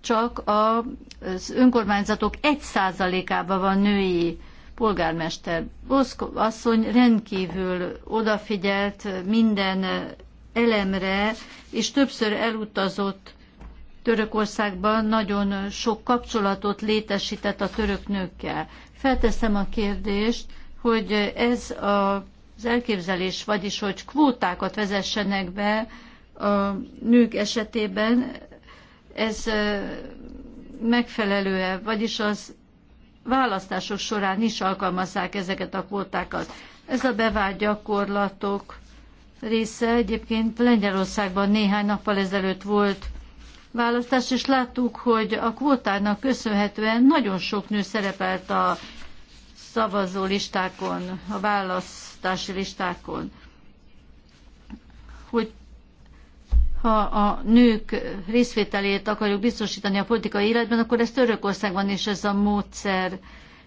csak az önkormányzatok 1%-ában van női polgármester. Boszko asszony rendkívül odafigyelt minden elemre, és többször elutazott Törökországban, nagyon sok kapcsolatot létesített a török nőkkel. Felteszem a kérdést, hogy ez a az elképzelés, vagyis hogy kvótákat vezessenek be a nők esetében, ez megfelelő-e, vagyis az választások során is alkalmazzák ezeket a kvótákat. Ez a bevált gyakorlatok része. Egyébként Lengyelországban néhány nappal ezelőtt volt választás, és láttuk, hogy a kvótának köszönhetően nagyon sok nő szerepelt a szavazó listákon, a választási listákon. Hogy ha a nők részvételét akarjuk biztosítani a politikai életben, akkor ez Törökországban is ez a módszer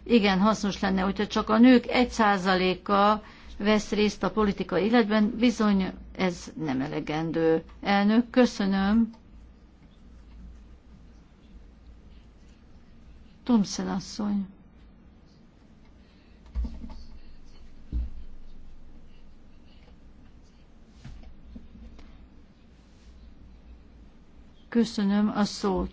igen hasznos lenne, hogyha csak a nők egy százaléka vesz részt a politikai életben, bizony ez nem elegendő. Elnök, köszönöm. Tumszen asszony. Köszönöm a szót.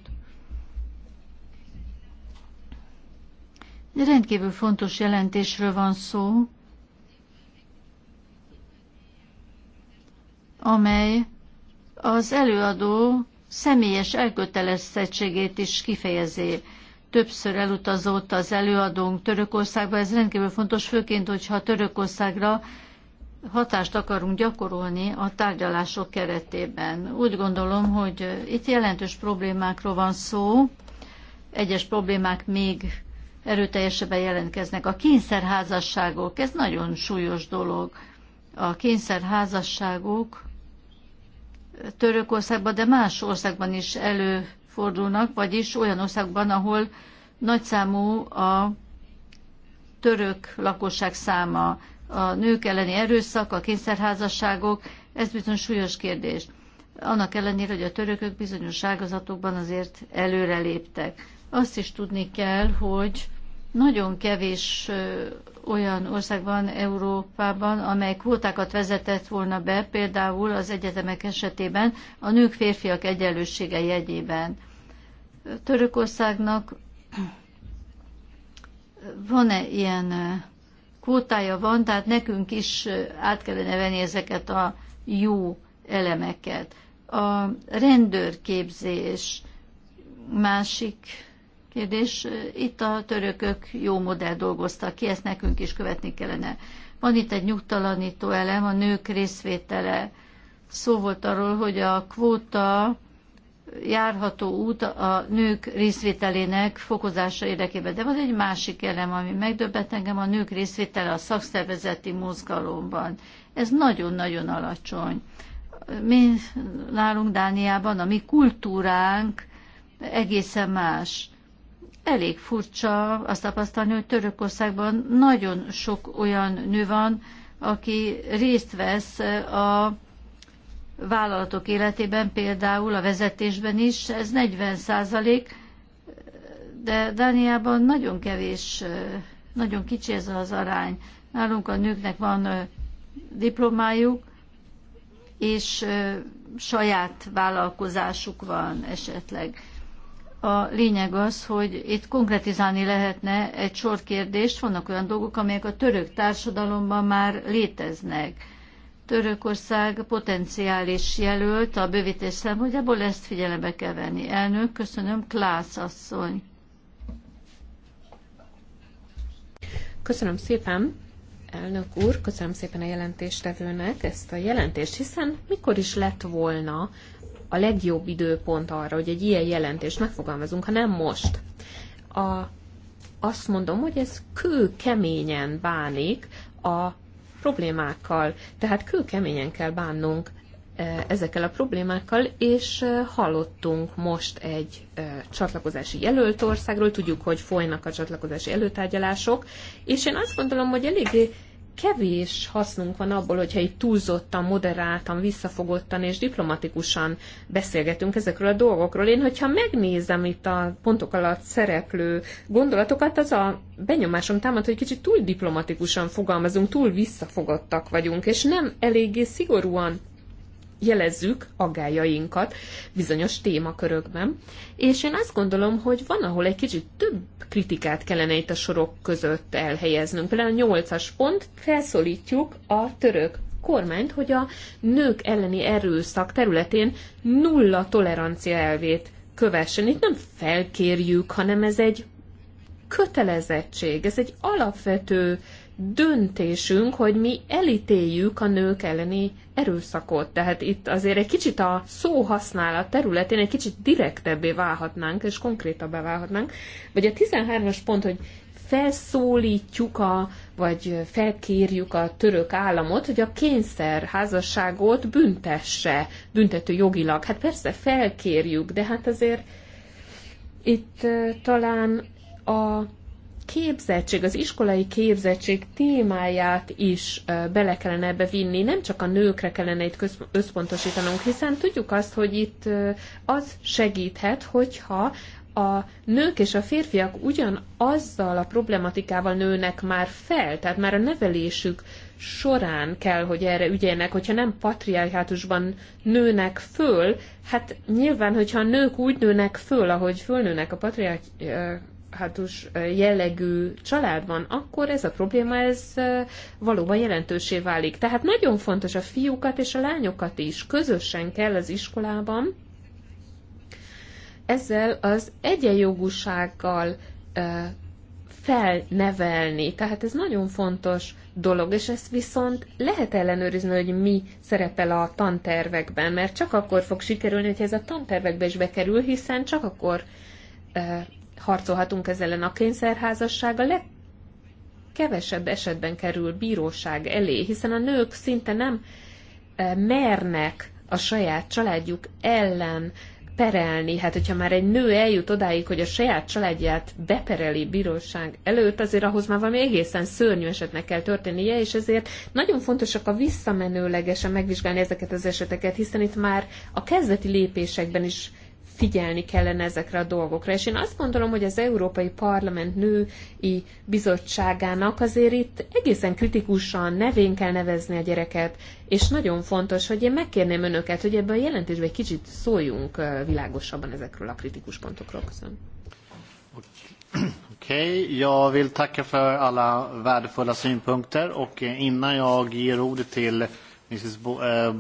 rendkívül fontos jelentésről van szó, amely az előadó személyes elkötelezettségét is kifejezi. Többször elutazott az előadónk Törökországba, ez rendkívül fontos, főként, hogyha Törökországra hatást akarunk gyakorolni a tárgyalások keretében. Úgy gondolom, hogy itt jelentős problémákról van szó, egyes problémák még erőteljesebben jelentkeznek. A kényszerházasságok, ez nagyon súlyos dolog. A kényszerházasságok Törökországban, de más országban is előfordulnak, vagyis olyan országban, ahol nagyszámú a török lakosság száma a nők elleni erőszak, a kényszerházasságok, ez bizony súlyos kérdés. Annak ellenére, hogy a törökök bizonyos ágazatokban azért előreléptek. Azt is tudni kell, hogy nagyon kevés olyan országban, Európában, amely kvótákat vezetett volna be, például az egyetemek esetében, a nők férfiak egyenlősége jegyében. Törökországnak van-e ilyen kvótája van, tehát nekünk is át kellene venni ezeket a jó elemeket. A rendőrképzés másik kérdés. Itt a törökök jó modell dolgoztak ki, ezt nekünk is követni kellene. Van itt egy nyugtalanító elem, a nők részvétele. Szó volt arról, hogy a kvóta járható út a nők részvételének fokozása érdekében. De van egy másik elem, ami megdöbbent engem, a nők részvétele a szakszervezeti mozgalomban. Ez nagyon-nagyon alacsony. Mi nálunk Dániában, a mi kultúránk egészen más. Elég furcsa azt tapasztalni, hogy Törökországban nagyon sok olyan nő van, aki részt vesz a vállalatok életében, például a vezetésben is, ez 40 százalék, de Dániában nagyon kevés, nagyon kicsi ez az arány. Nálunk a nőknek van diplomájuk, és saját vállalkozásuk van esetleg. A lényeg az, hogy itt konkretizálni lehetne egy sor kérdést, vannak olyan dolgok, amelyek a török társadalomban már léteznek Törökország potenciális jelölt a bővítés szempontjából, ezt figyelembe kell venni. Elnök, köszönöm, Klász asszony. Köszönöm szépen, elnök úr, köszönöm szépen a jelentéstevőnek ezt a jelentést, hiszen mikor is lett volna a legjobb időpont arra, hogy egy ilyen jelentést megfogalmazunk, ha nem most. A, azt mondom, hogy ez kő keményen bánik a problémákkal. Tehát kőkeményen kell bánnunk eh, ezekkel a problémákkal, és eh, hallottunk most egy eh, csatlakozási jelölt országról, tudjuk, hogy folynak a csatlakozási előtárgyalások, és én azt gondolom, hogy eléggé kevés hasznunk van abból, hogyha itt túlzottan, moderáltan, visszafogottan és diplomatikusan beszélgetünk ezekről a dolgokról. Én, hogyha megnézem itt a pontok alatt szereplő gondolatokat, az a benyomásom támad, hogy kicsit túl diplomatikusan fogalmazunk, túl visszafogottak vagyunk, és nem eléggé szigorúan jelezzük aggájainkat bizonyos témakörökben, és én azt gondolom, hogy van, ahol egy kicsit több kritikát kellene itt a sorok között elhelyeznünk. Például a nyolcas pont, felszólítjuk a török kormányt, hogy a nők elleni erőszak területén nulla tolerancia elvét kövessen. Itt nem felkérjük, hanem ez egy kötelezettség, ez egy alapvető döntésünk, hogy mi elítéljük a nők elleni erőszakot. Tehát itt azért egy kicsit a szóhasználat területén egy kicsit direktebbé válhatnánk, és konkrétabbá válhatnánk. Vagy a 13-as pont, hogy felszólítjuk a, vagy felkérjük a török államot, hogy a kényszer házasságot büntesse, büntető jogilag. Hát persze felkérjük, de hát azért itt eh, talán a képzettség, az iskolai képzettség témáját is bele kellene ebbe vinni, nem csak a nőkre kellene itt összpontosítanunk, hiszen tudjuk azt, hogy itt az segíthet, hogyha a nők és a férfiak ugyan azzal a problematikával nőnek már fel, tehát már a nevelésük során kell, hogy erre ügyeljenek, hogyha nem patriarchátusban nőnek föl, hát nyilván, hogyha a nők úgy nőnek föl, ahogy fölnőnek a patriarchátusban, patriarchátus jellegű család van, akkor ez a probléma ez valóban jelentősé válik. Tehát nagyon fontos a fiúkat és a lányokat is közösen kell az iskolában ezzel az egyenjogúsággal felnevelni. Tehát ez nagyon fontos dolog, és ezt viszont lehet ellenőrizni, hogy mi szerepel a tantervekben, mert csak akkor fog sikerülni, hogyha ez a tantervekbe is bekerül, hiszen csak akkor harcolhatunk ezzel ellen. A kényszerházasság a legkevesebb esetben kerül bíróság elé, hiszen a nők szinte nem e, mernek a saját családjuk ellen perelni. Hát, hogyha már egy nő eljut odáig, hogy a saját családját bepereli bíróság előtt, azért ahhoz már valami egészen szörnyű esetnek kell történnie, és ezért nagyon fontosak a visszamenőlegesen megvizsgálni ezeket az eseteket, hiszen itt már a kezdeti lépésekben is figyelni kellene ezekre a dolgokra. És én azt gondolom, hogy az Európai Parlament női bizottságának azért itt egészen kritikusan nevén kell nevezni a gyereket, és nagyon fontos, hogy én megkérném önöket, hogy ebben a jelentésben egy kicsit szóljunk világosabban ezekről a kritikus pontokról. Köszönöm. Okej, okay. jag vill tacka för alla värdefulla synpunkter och innan jag ger ordet till Eh,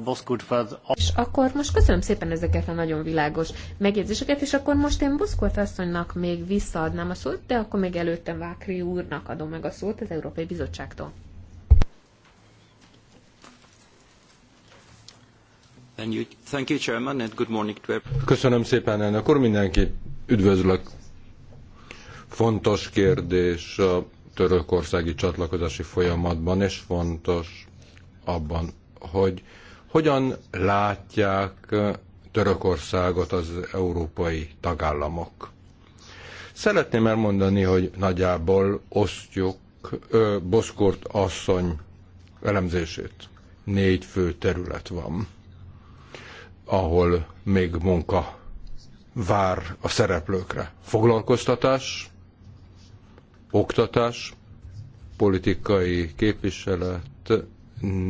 és akkor most köszönöm szépen ezeket a nagyon világos megjegyzéseket, és akkor most én Boszkort asszonynak még visszaadnám a szót, de akkor még előtte Vákri úrnak adom meg a szót az Európai Bizottságtól. Thank you, Chairman, and good morning to Köszönöm szépen, elnök úr, mindenki üdvözlök. Fontos kérdés a törökországi csatlakozási folyamatban, és fontos abban, hogy hogyan látják Törökországot az európai tagállamok. Szeretném elmondani, hogy nagyjából osztjuk ö, Boszkort asszony elemzését. Négy fő terület van, ahol még munka vár a szereplőkre. Foglalkoztatás, oktatás, politikai képviselet,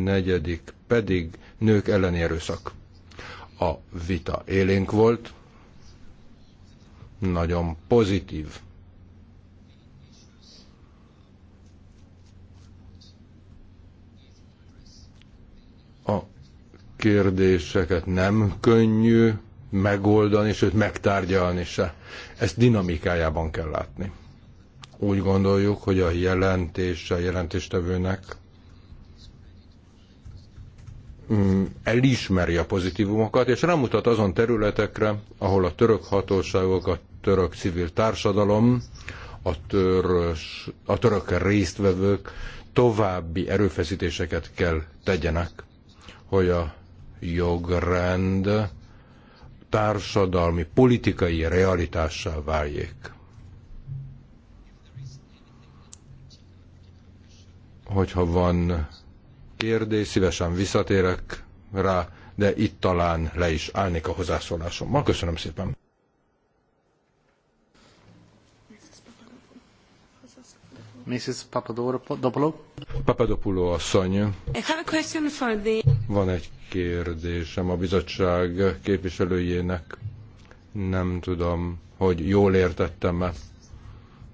negyedik pedig nők elleni erőszak. A vita élénk volt, nagyon pozitív. A kérdéseket nem könnyű megoldani, sőt megtárgyalni se. Ezt dinamikájában kell látni. Úgy gondoljuk, hogy a jelentése, a jelentéstevőnek Mm, elismeri a pozitívumokat, és rámutat azon területekre, ahol a török hatóságok, a török civil társadalom, a, törös, a török résztvevők további erőfeszítéseket kell tegyenek, hogy a jogrend társadalmi, politikai realitássá váljék. Hogyha van kérdés, szívesen visszatérek rá, de itt talán le is állnék a hozzászólásommal. Köszönöm szépen! Mrs. Papadopoulou. Papadopoulou asszony. Van egy kérdésem a bizottság képviselőjének. Nem tudom, hogy jól értettem-e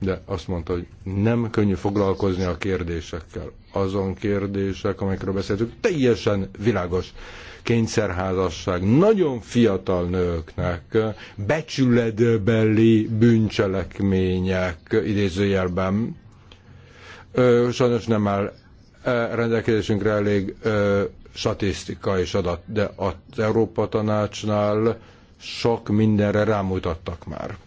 de azt mondta, hogy nem könnyű foglalkozni a kérdésekkel. Azon kérdések, amelyekről beszéltük, teljesen világos kényszerházasság, nagyon fiatal nőknek, becsületbeli bűncselekmények idézőjelben. Sajnos nem áll e, rendelkezésünkre elég statisztika és adat, de az Európa Tanácsnál sok mindenre rámutattak már.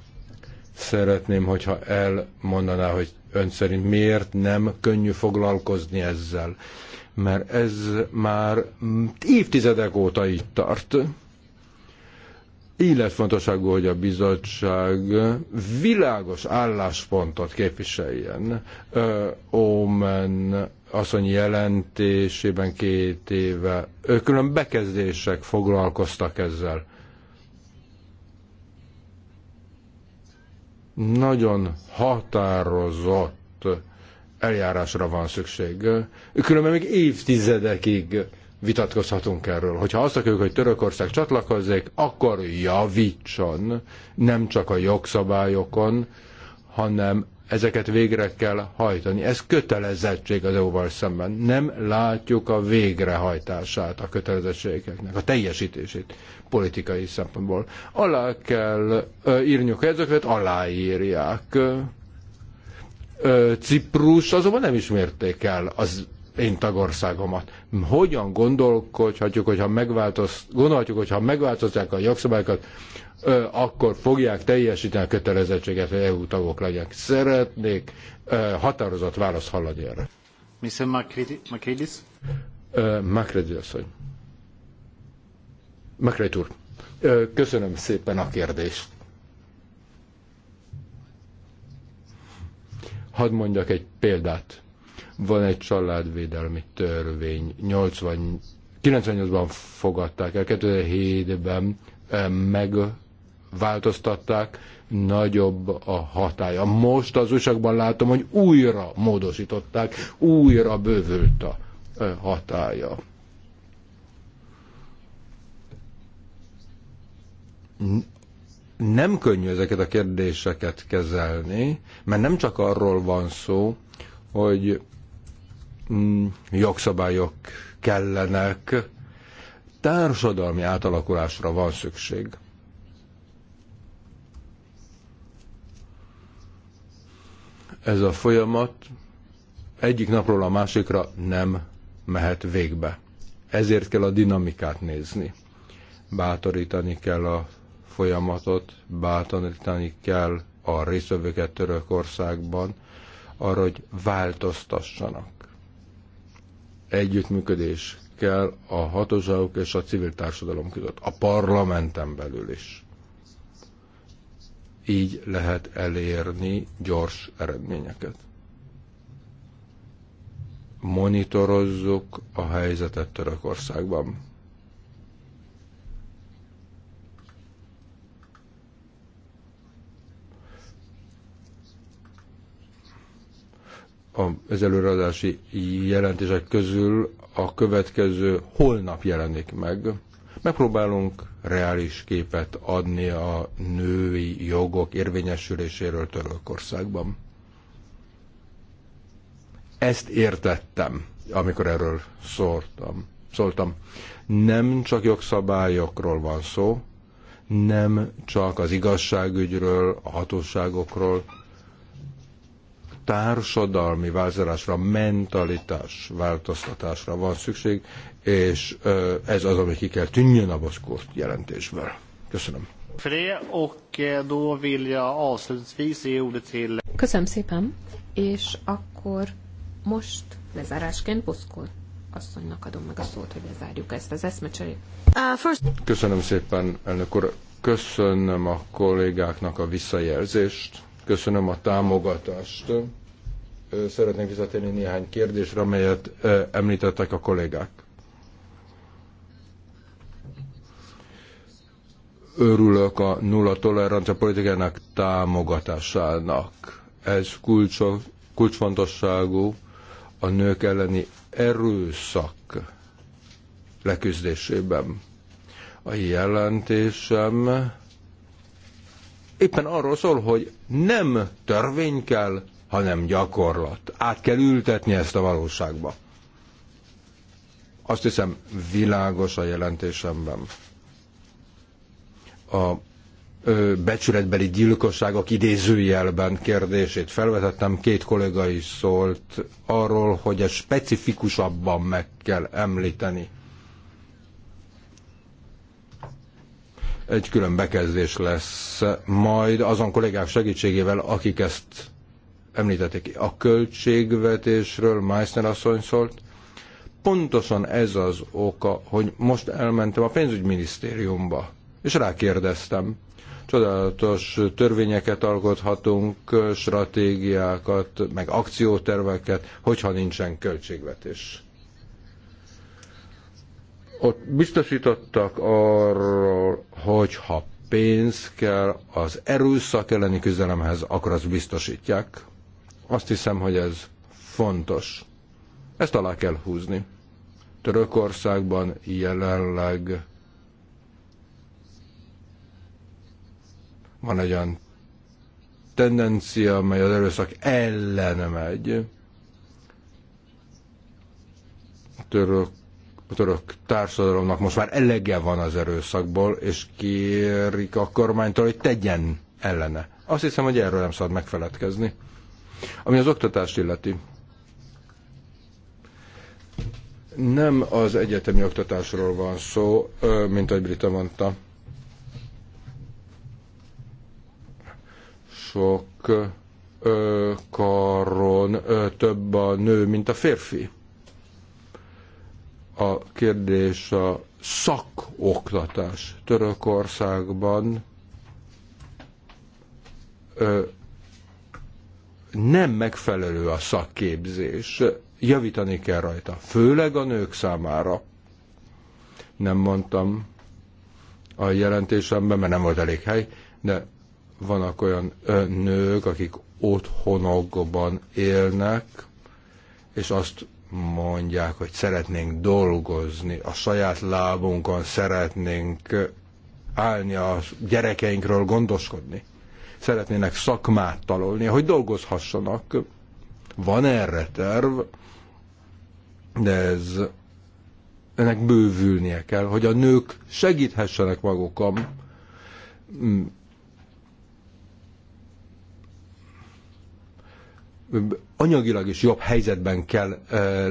Szeretném, hogyha elmondaná, hogy ön szerint miért nem könnyű foglalkozni ezzel, mert ez már évtizedek óta itt tart. így fontosságú, hogy a bizottság világos álláspontot képviseljen. Ómen Omen asszony jelentésében két éve különbekezdések bekezdések foglalkoztak ezzel. nagyon határozott eljárásra van szükség. Különben még évtizedekig vitatkozhatunk erről. Hogyha azt akarjuk, hogy Törökország csatlakozzék, akkor javítson nem csak a jogszabályokon, hanem ezeket végre kell hajtani. Ez kötelezettség az EU-val szemben. Nem látjuk a végrehajtását a kötelezettségeknek, a teljesítését politikai szempontból. Alá kell írniuk ezeket, aláírják. Ciprus azonban nem ismerték el az én tagországomat. Hogyan gondolkodhatjuk, hogyha, megváltoz, gondolhatjuk, hogyha megváltozták a jogszabályokat, akkor fogják teljesíteni a kötelezettséget, hogy EU tagok legyenek. Szeretnék határozott választ hallani erre. Mr. Makridis? Makridis asszony. Makridis úr. Köszönöm szépen a kérdést. Hadd mondjak egy példát. Van egy családvédelmi törvény, 80, 98-ban fogadták el, 2007-ben meg változtatták, nagyobb a hatája. Most az újságban látom, hogy újra módosították, újra bővült a hatája. Nem könnyű ezeket a kérdéseket kezelni, mert nem csak arról van szó, hogy mm, jogszabályok kellenek, társadalmi átalakulásra van szükség Ez a folyamat egyik napról a másikra nem mehet végbe. Ezért kell a dinamikát nézni. Bátorítani kell a folyamatot, bátorítani kell a részövőket Törökországban arra, hogy változtassanak. Együttműködés kell a hatóságok és a civil társadalom között, a parlamenten belül is. Így lehet elérni gyors eredményeket. Monitorozzuk a helyzetet Törökországban. az előreadási jelentések közül a következő holnap jelenik meg. Megpróbálunk reális képet adni a női jogok érvényesüléséről Törökországban. Ezt értettem, amikor erről szóltam. szóltam. Nem csak jogszabályokról van szó, nem csak az igazságügyről, a hatóságokról, társadalmi változásra, mentalitás változtatásra van szükség, és ez az, ami ki kell tűnjön a Boszkort jelentésből. Köszönöm. Eh, Köszönöm szépen, és akkor most lezárásként Boszkor asszonynak adom meg a szót, hogy lezárjuk ezt az eszmecserét. Uh, Köszönöm szépen, elnök úr. Köszönöm a kollégáknak a visszajelzést Köszönöm a támogatást. Szeretnék visszatérni néhány kérdésre, amelyet említettek a kollégák. Örülök a nulla tolerancia politikának támogatásának. Ez kulcs, kulcsfontosságú a nők elleni erőszak leküzdésében. A jelentésem éppen arról szól, hogy nem törvény kell, hanem gyakorlat. Át kell ültetni ezt a valóságba. Azt hiszem, világos a jelentésemben. A becsületbeli gyilkosságok idézőjelben kérdését felvetettem, két kollega is szólt arról, hogy ezt specifikusabban meg kell említeni. egy külön bekezdés lesz majd azon kollégák segítségével, akik ezt említették. A költségvetésről Meissner asszony szólt. Pontosan ez az oka, hogy most elmentem a pénzügyminisztériumba, és rákérdeztem. Csodálatos törvényeket alkothatunk, stratégiákat, meg akcióterveket, hogyha nincsen költségvetés ott biztosítottak arról, hogyha pénz kell az erőszak elleni küzdelemhez, akkor azt biztosítják. Azt hiszem, hogy ez fontos. Ezt alá kell húzni. Törökországban jelenleg van egy olyan tendencia, amely az erőszak ellen megy. Török a török társadalomnak most már elege van az erőszakból, és kérik a kormánytól, hogy tegyen ellene. Azt hiszem, hogy erről nem szabad megfeledkezni. Ami az oktatást illeti, nem az egyetemi oktatásról van szó, mint ahogy Brita mondta. Sok karon több a nő, mint a férfi a kérdés a szakoktatás Törökországban ö, nem megfelelő a szakképzés, javítani kell rajta, főleg a nők számára. Nem mondtam a jelentésemben, mert nem volt elég hely, de vannak olyan ö, nők, akik otthonokban élnek, és azt mondják, hogy szeretnénk dolgozni, a saját lábunkon szeretnénk állni a gyerekeinkről gondoskodni. Szeretnének szakmát találni, hogy dolgozhassanak. Van erre terv, de ez ennek bővülnie kell, hogy a nők segíthessenek magukon, anyagilag is jobb helyzetben kell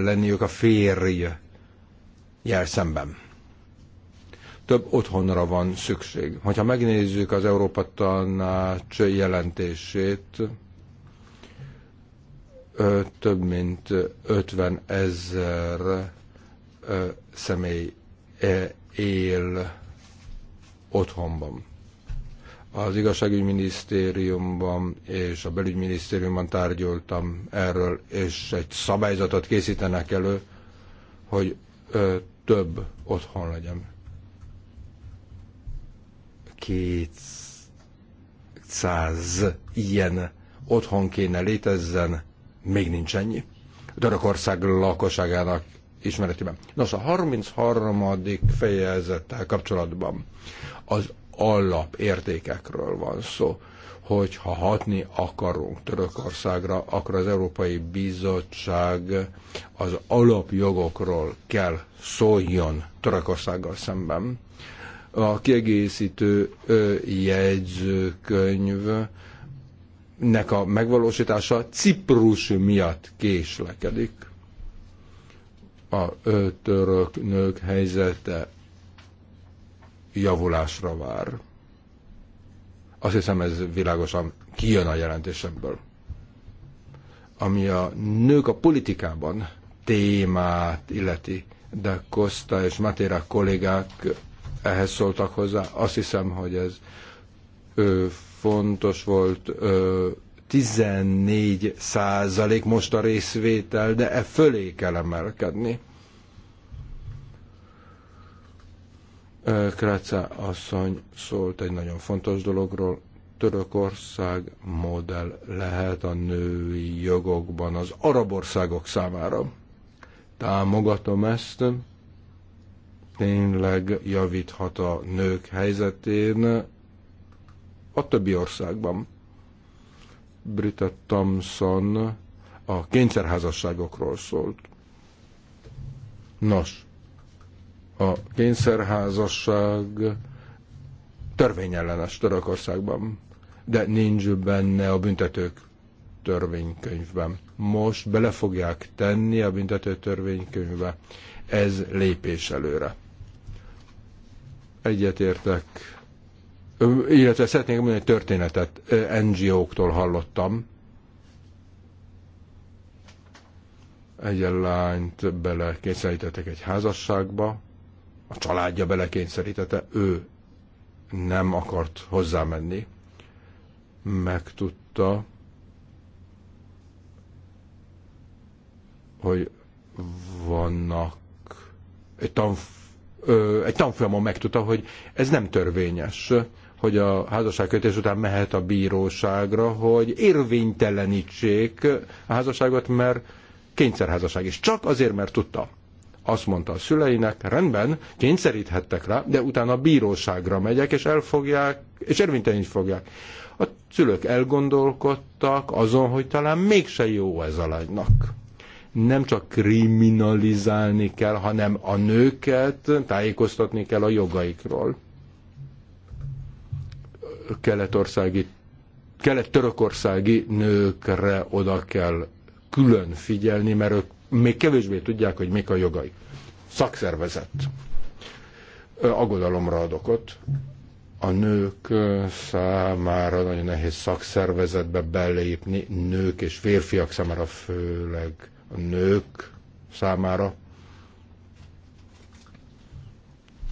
lenniük a férjjel szemben. Több otthonra van szükség. Hogyha megnézzük az Európa Tanács jelentését, több mint 50 ezer személy él otthonban az igazságügyminisztériumban és a belügyminisztériumban tárgyaltam erről, és egy szabályzatot készítenek elő, hogy ö, több otthon legyen. Kétszáz ilyen otthon kéne létezzen, még nincs ennyi. Törökország lakosságának ismeretében. Nos, a 33. fejezettel kapcsolatban az alapértékekről van szó. hogy ha hatni akarunk Törökországra, akkor az Európai Bizottság az alapjogokról kell szóljon Törökországgal szemben. A kiegészítő jegyzőkönyv nek a megvalósítása Ciprus miatt késlekedik. A török nők helyzete javulásra vár. Azt hiszem, ez világosan kijön a jelentésemből. Ami a nők a politikában témát illeti, de Costa és Matéra kollégák ehhez szóltak hozzá. Azt hiszem, hogy ez ö, fontos volt. Ö, 14 százalék most a részvétel, de e fölé kell emelkedni. Kráca asszony szólt egy nagyon fontos dologról, Törökország modell lehet a női jogokban az arab országok számára. Támogatom ezt, tényleg javíthat a nők helyzetén a többi országban. Brita Thompson a kényszerházasságokról szólt. Nos, a kényszerházasság törvényellenes Törökországban, de nincs benne a büntetők törvénykönyvben. Most bele fogják tenni a büntető törvénykönyvbe. Ez lépés előre. Egyetértek. Illetve szeretnék mondani egy történetet. NGO-któl hallottam. Egy lányt bele egy házasságba, a családja belekényszerítette, ő nem akart menni, Megtudta, hogy vannak egy, tanf, ö, egy tanfolyamon megtudta, hogy ez nem törvényes, hogy a házasságkötés után mehet a bíróságra, hogy érvénytelenítsék a házasságot, mert kényszerházasság is. Csak azért, mert tudta. Azt mondta a szüleinek, rendben, kényszeríthettek rá, de utána bíróságra megyek, és elfogják, és érvénytelenít fogják. A szülők elgondolkodtak azon, hogy talán mégse jó ez a lánynak nem csak kriminalizálni kell, hanem a nőket tájékoztatni kell a jogaikról. Keletországi, kelet-törökországi nőkre oda kell külön figyelni, mert ők még kevésbé tudják, hogy mik a jogai. Szakszervezet. Aggodalomra ad okot. A nők számára nagyon nehéz szakszervezetbe belépni, nők és férfiak számára főleg a nők számára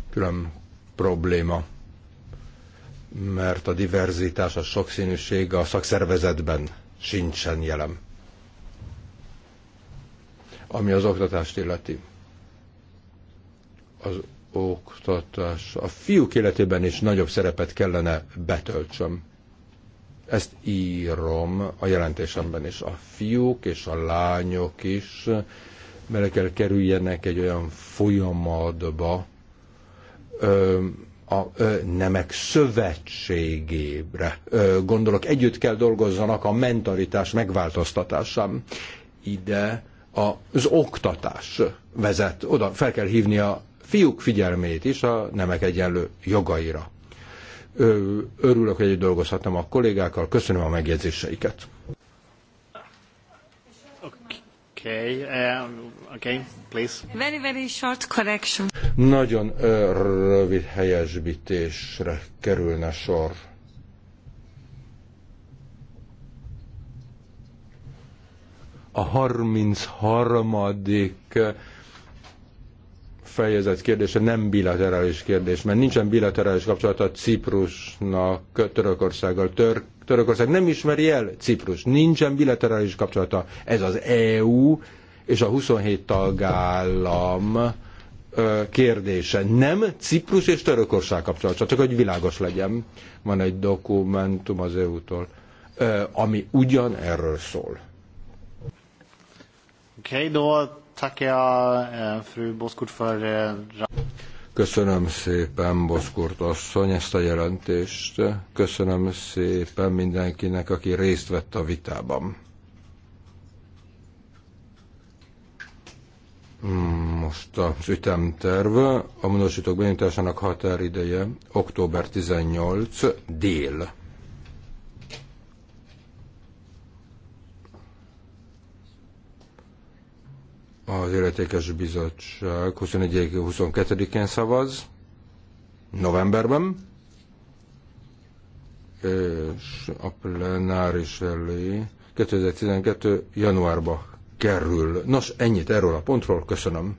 külön probléma, mert a diverzitás, a sokszínűség a szakszervezetben sincsen jelen. Ami az oktatást illeti. Az oktatás a fiúk életében is nagyobb szerepet kellene betöltsöm. Ezt írom a jelentésemben is. A fiúk és a lányok is bele kell kerüljenek egy olyan folyamatba, ö, a ö, nemek szövetségébre. ö, gondolok, együtt kell dolgozzanak a mentalitás megváltoztatásán. Ide az oktatás vezet oda, fel kell hívni a fiúk figyelmét is a nemek egyenlő jogaira. Örülök, hogy együtt dolgozhatom a kollégákkal, köszönöm a megjegyzéseiket. Okay, uh, okay, please. Very, very short correction. Nagyon rövid helyesbítésre kerülne sor. a 33. fejezet kérdése nem bilaterális kérdés, mert nincsen bilaterális kapcsolata Ciprusnak Törökországgal. Tör- Törökország nem ismeri el Ciprus, nincsen bilaterális kapcsolata. Ez az EU és a 27 tagállam kérdése. Nem Ciprus és Törökország kapcsolata, csak hogy világos legyen. Van egy dokumentum az EU-tól, ami ugyan erről szól. Okej, okay, då tackar jag eh, fru Boskurt för... Eh, Köszönöm szépen, Boszkurt asszony, ezt a jelentést. Köszönöm szépen mindenkinek, aki részt vett a vitában. Hmm, most az ütemterv, a módosítók benyújtásának határideje október 18 dél. Az Életékes Bizottság 21-22-én szavaz, novemberben, és a plenáris elé 2012. januárba kerül. Nos, ennyit erről a pontról, köszönöm.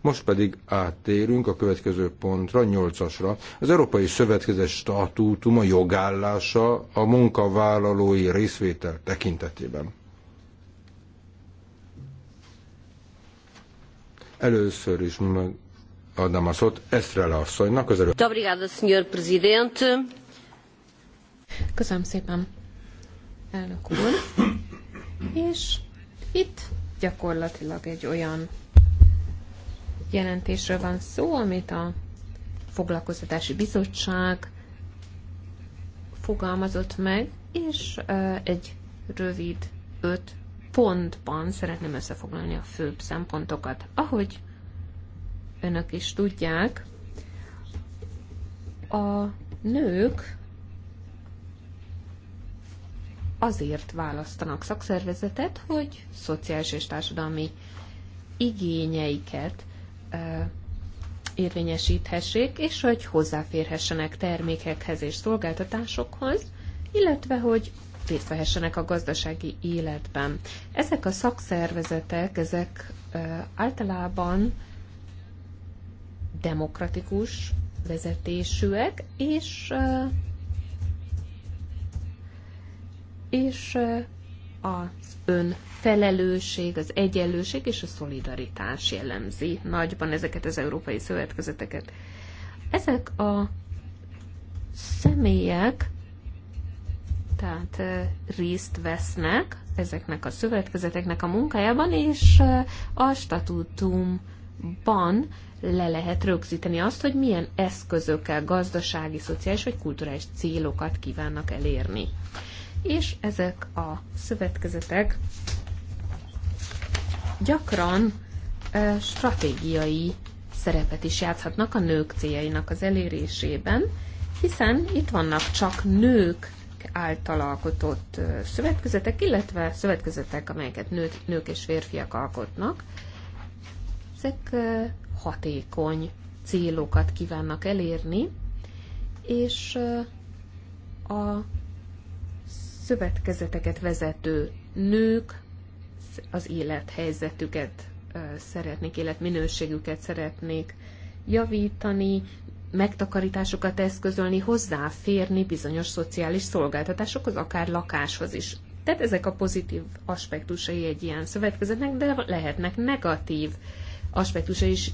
Most pedig áttérünk a következő pontra, 8-asra. Az Európai Szövetkezés statútuma jogállása a munkavállalói részvétel tekintetében. Először is adnám a szót Esztrela asszonynak az előtt. Obrigada, senhor presidente. Köszönöm szépen, elnök úr. És itt gyakorlatilag egy olyan jelentésről van szó, amit a foglalkoztatási bizottság fogalmazott meg, és egy rövid öt pontban szeretném összefoglalni a főbb szempontokat. Ahogy önök is tudják, a nők azért választanak szakszervezetet, hogy szociális és társadalmi igényeiket érvényesíthessék, és hogy hozzáférhessenek termékekhez és szolgáltatásokhoz, illetve hogy részt vehessenek a gazdasági életben. Ezek a szakszervezetek, ezek általában demokratikus vezetésűek, és és az önfelelősség, az egyenlőség és a szolidaritás jellemzi nagyban ezeket az európai szövetkezeteket. Ezek a személyek tehát részt vesznek ezeknek a szövetkezeteknek a munkájában, és a statútumban le lehet rögzíteni azt, hogy milyen eszközökkel gazdasági, szociális vagy kulturális célokat kívánnak elérni. És ezek a szövetkezetek gyakran stratégiai szerepet is játszhatnak a nők céljainak az elérésében, hiszen itt vannak csak nők által alkotott szövetkezetek, illetve szövetkezetek, amelyeket nő, nők és férfiak alkotnak, ezek hatékony célokat kívánnak elérni, és a szövetkezeteket vezető nők az élethelyzetüket szeretnék, életminőségüket szeretnék javítani, megtakarításokat eszközölni, hozzáférni bizonyos szociális szolgáltatásokhoz, akár lakáshoz is. Tehát ezek a pozitív aspektusai egy ilyen szövetkezetnek, de lehetnek negatív aspektusai is,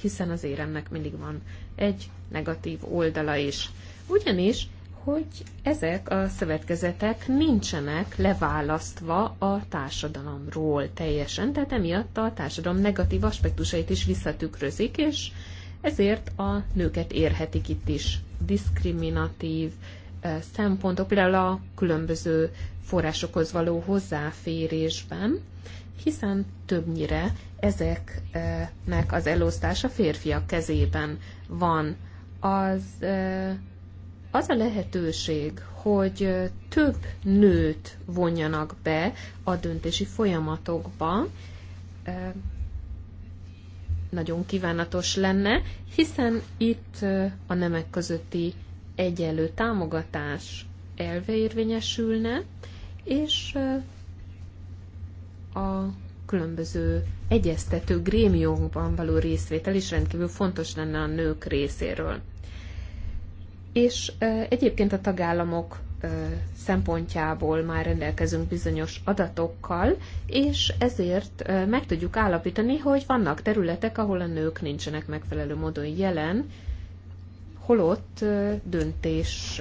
hiszen az éremnek mindig van egy negatív oldala is. Ugyanis, hogy ezek a szövetkezetek nincsenek leválasztva a társadalomról teljesen, tehát emiatt a társadalom negatív aspektusait is visszatükrözik, és ezért a nőket érhetik itt is diszkriminatív eh, szempontok, például a különböző forrásokhoz való hozzáférésben, hiszen többnyire ezeknek az elosztása férfiak kezében van. Az, eh, az a lehetőség, hogy több nőt vonjanak be a döntési folyamatokba, eh, nagyon kívánatos lenne, hiszen itt a nemek közötti egyenlő támogatás elve érvényesülne, és a különböző egyeztető grémiumokban való részvétel is rendkívül fontos lenne a nők részéről. És egyébként a tagállamok szempontjából már rendelkezünk bizonyos adatokkal, és ezért meg tudjuk állapítani, hogy vannak területek, ahol a nők nincsenek megfelelő módon jelen, holott döntés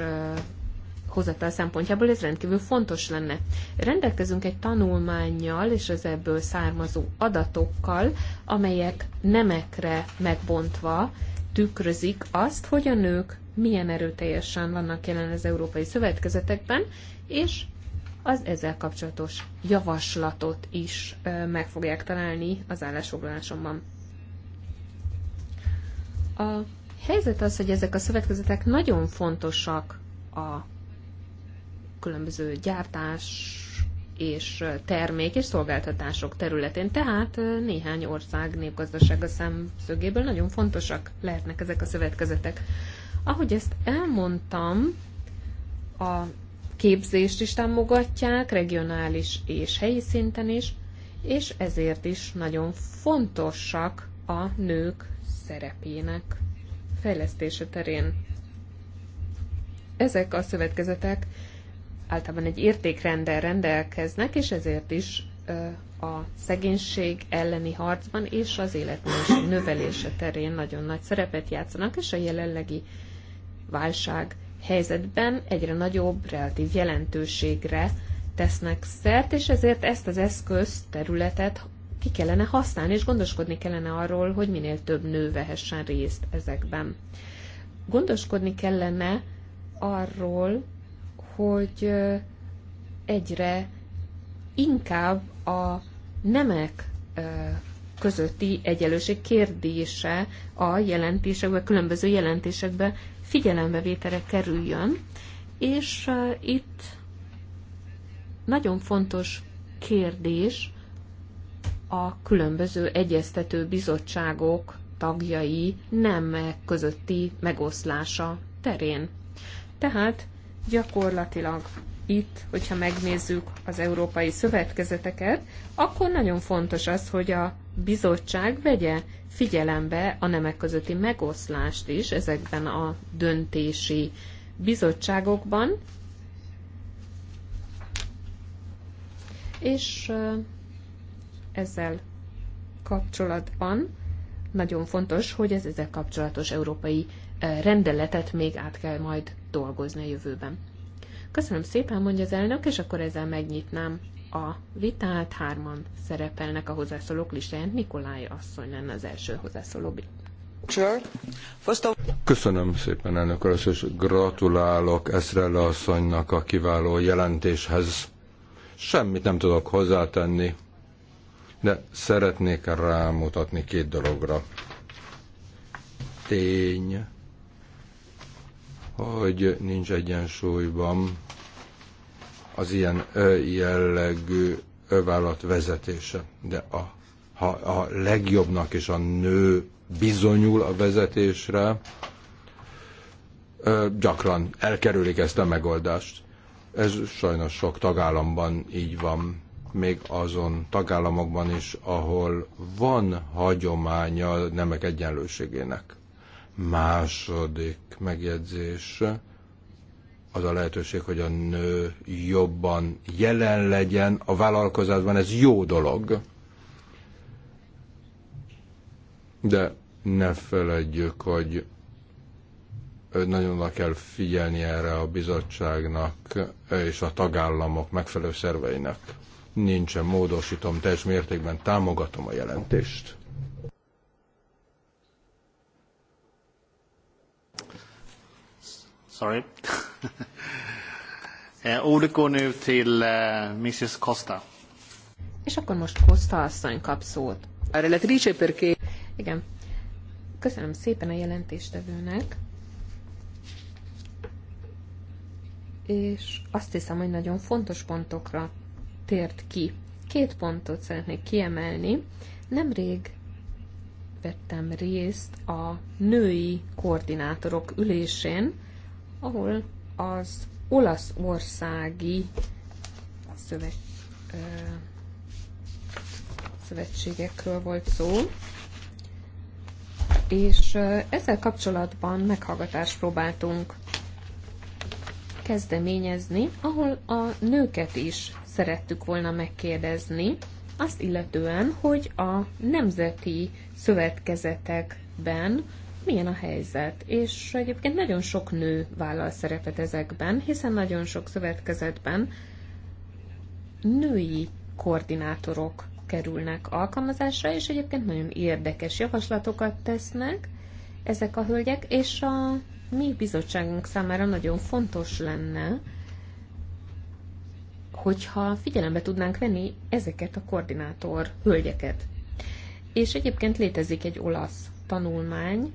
hozatal szempontjából ez rendkívül fontos lenne. Rendelkezünk egy tanulmányjal és az ebből származó adatokkal, amelyek nemekre megbontva tükrözik azt, hogy a nők milyen erőteljesen vannak jelen az európai szövetkezetekben, és az ezzel kapcsolatos javaslatot is meg fogják találni az állásfoglalásomban. A helyzet az, hogy ezek a szövetkezetek nagyon fontosak a különböző gyártás és termék és szolgáltatások területén. Tehát néhány ország népgazdasága szemszögéből nagyon fontosak lehetnek ezek a szövetkezetek. Ahogy ezt elmondtam, a képzést is támogatják, regionális és helyi szinten is, és ezért is nagyon fontosak a nők szerepének fejlesztése terén. Ezek a szövetkezetek általában egy értékrenddel rendelkeznek, és ezért is a szegénység elleni harcban és az életminőség növelése terén nagyon nagy szerepet játszanak, és a jelenlegi válság helyzetben egyre nagyobb relatív jelentőségre tesznek szert, és ezért ezt az eszköz területet ki kellene használni, és gondoskodni kellene arról, hogy minél több nő vehessen részt ezekben. Gondoskodni kellene arról, hogy egyre inkább a nemek közötti egyenlőség kérdése a jelentésekbe, különböző jelentésekbe figyelembevételre kerüljön, és itt nagyon fontos kérdés a különböző egyeztető bizottságok tagjai nemek közötti megoszlása terén. Tehát gyakorlatilag itt, hogyha megnézzük az európai szövetkezeteket, akkor nagyon fontos az, hogy a bizottság vegye figyelembe a nemek közötti megoszlást is ezekben a döntési bizottságokban. És ezzel kapcsolatban nagyon fontos, hogy ez ezzel kapcsolatos európai rendeletet még át kell majd dolgozni a jövőben. Köszönöm szépen, mondja az elnök, és akkor ezzel megnyitnám a vitát. Hárman szerepelnek a hozzászólók listáján. Nikolaj asszony lenne az első hozzászóló. Köszönöm szépen, elnök úr, és gratulálok Eszrele asszonynak a kiváló jelentéshez. Semmit nem tudok hozzátenni, de szeretnék rámutatni két dologra. Tény, hogy nincs egyensúlyban az ilyen jellegű vállalat vezetése. De a, ha a legjobbnak és a nő bizonyul a vezetésre, gyakran elkerülik ezt a megoldást. Ez sajnos sok tagállamban így van, még azon tagállamokban is, ahol van hagyománya nemek egyenlőségének. Második megjegyzés az a lehetőség, hogy a nő jobban jelen legyen a vállalkozásban, ez jó dolog. De ne feledjük, hogy nagyon oda kell figyelni erre a bizottságnak és a tagállamok megfelelő szerveinek. Nincsen módosítom, teljes mértékben támogatom a jelentést. Sorry. Eh, ordet går nu till eh, Mrs. Costa. És akkor most Costa asszony kap szót. A relatrice perché... Igen. Köszönöm szépen a jelentéstevőnek. És azt hiszem, hogy nagyon fontos pontokra tért ki. Két pontot szeretnék kiemelni. Nemrég vettem részt a női koordinátorok ülésén, ahol az olaszországi szövet, ö, szövetségekről volt szó, és ezzel kapcsolatban meghallgatást próbáltunk kezdeményezni, ahol a nőket is szerettük volna megkérdezni, azt illetően, hogy a nemzeti szövetkezetekben milyen a helyzet. És egyébként nagyon sok nő vállal szerepet ezekben, hiszen nagyon sok szövetkezetben női koordinátorok kerülnek alkalmazásra, és egyébként nagyon érdekes javaslatokat tesznek ezek a hölgyek, és a mi bizottságunk számára nagyon fontos lenne, hogyha figyelembe tudnánk venni ezeket a koordinátor hölgyeket. És egyébként létezik egy olasz tanulmány,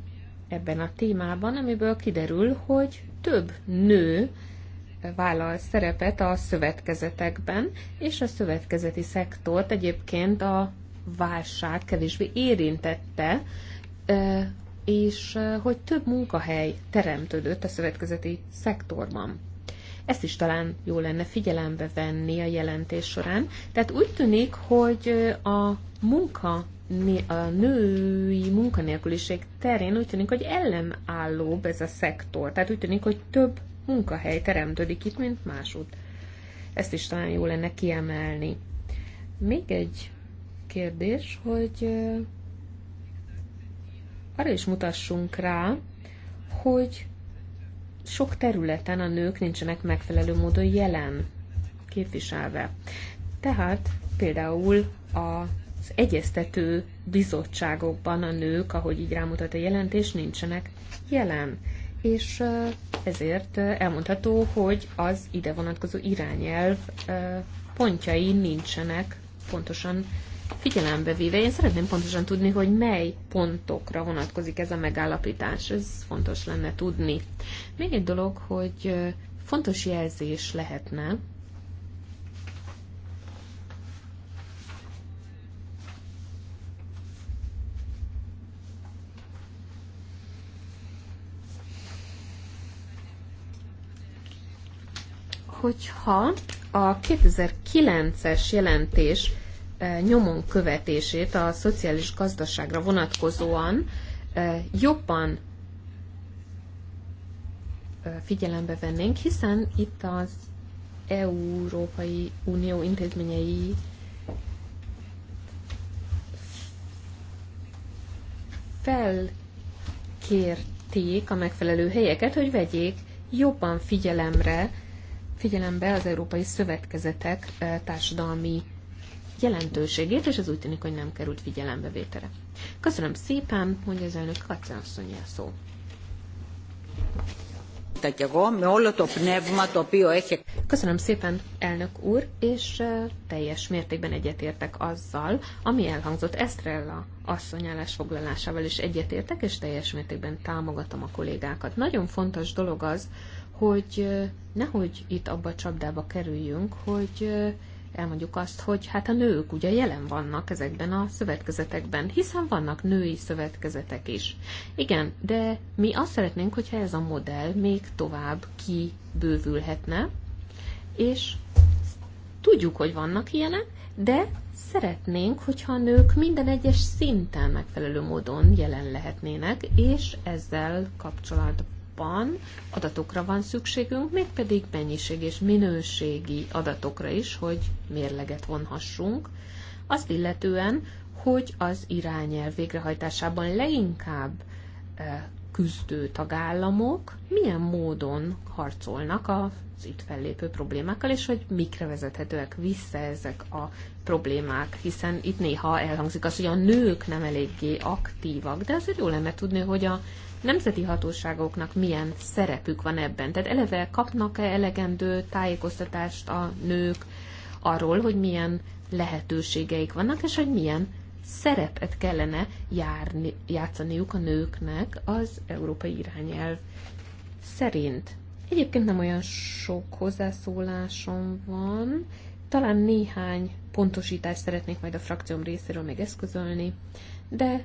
ebben a témában, amiből kiderül, hogy több nő vállal szerepet a szövetkezetekben, és a szövetkezeti szektort egyébként a válság kevésbé érintette, és hogy több munkahely teremtődött a szövetkezeti szektorban. Ezt is talán jó lenne figyelembe venni a jelentés során. Tehát úgy tűnik, hogy a munka mi a női munkanélküliség terén úgy tűnik, hogy ellenállóbb ez a szektor. Tehát úgy tűnik, hogy több munkahely teremtődik itt, mint másút. Ezt is talán jó lenne kiemelni. Még egy kérdés, hogy arra is mutassunk rá, hogy sok területen a nők nincsenek megfelelő módon jelen, képviselve. Tehát például a az egyeztető bizottságokban a nők, ahogy így rámutat a jelentés, nincsenek jelen. És ezért elmondható, hogy az ide vonatkozó irányelv pontjai nincsenek pontosan figyelembe véve. Én szeretném pontosan tudni, hogy mely pontokra vonatkozik ez a megállapítás. Ez fontos lenne tudni. Még egy dolog, hogy fontos jelzés lehetne hogyha a 2009-es jelentés e, nyomon követését a szociális gazdaságra vonatkozóan e, jobban e, figyelembe vennénk, hiszen itt az Európai Unió intézményei felkérték a megfelelő helyeket, hogy vegyék jobban figyelemre figyelembe az európai szövetkezetek társadalmi jelentőségét, és ez úgy tűnik, hogy nem került figyelembe vétele. Köszönöm szépen, mondja az elnök Kacsa asszony a szó. Köszönöm szépen, elnök úr, és teljes mértékben egyetértek azzal, ami elhangzott Estrella asszony állásfoglalásával is egyetértek, és teljes mértékben támogatom a kollégákat. Nagyon fontos dolog az, hogy nehogy itt abba a csapdába kerüljünk, hogy elmondjuk azt, hogy hát a nők ugye jelen vannak ezekben a szövetkezetekben, hiszen vannak női szövetkezetek is. Igen, de mi azt szeretnénk, hogyha ez a modell még tovább kibővülhetne, és tudjuk, hogy vannak ilyenek, de szeretnénk, hogyha a nők minden egyes szinten megfelelő módon jelen lehetnének, és ezzel kapcsolatban hónapban adatokra van szükségünk, mégpedig mennyiség és minőségi adatokra is, hogy mérleget vonhassunk. Azt illetően, hogy az irányel végrehajtásában leinkább e, küzdő tagállamok milyen módon harcolnak az itt fellépő problémákkal, és hogy mikre vezethetőek vissza ezek a problémák, hiszen itt néha elhangzik az, hogy a nők nem eléggé aktívak, de azért jó lenne tudni, hogy a nemzeti hatóságoknak milyen szerepük van ebben? Tehát eleve kapnak-e elegendő tájékoztatást a nők arról, hogy milyen lehetőségeik vannak, és hogy milyen szerepet kellene járni, játszaniuk a nőknek az európai irányelv szerint. Egyébként nem olyan sok hozzászólásom van, talán néhány pontosítást szeretnék majd a frakcióm részéről még eszközölni, de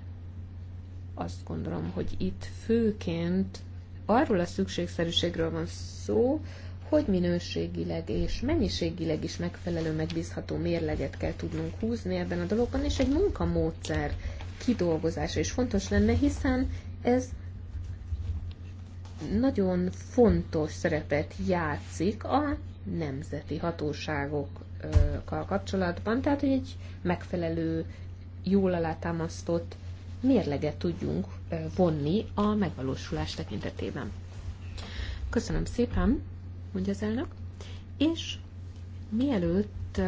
azt gondolom, hogy itt főként arról a szükségszerűségről van szó, hogy minőségileg és mennyiségileg is megfelelő, megbízható mérleget kell tudnunk húzni ebben a dologban, és egy munkamódszer kidolgozása is fontos lenne, hiszen ez nagyon fontos szerepet játszik a nemzeti hatóságokkal kapcsolatban, tehát hogy egy megfelelő, jól alátámasztott mérleget tudjunk vonni a megvalósulás tekintetében. Köszönöm szépen, mondja az elnök, és mielőtt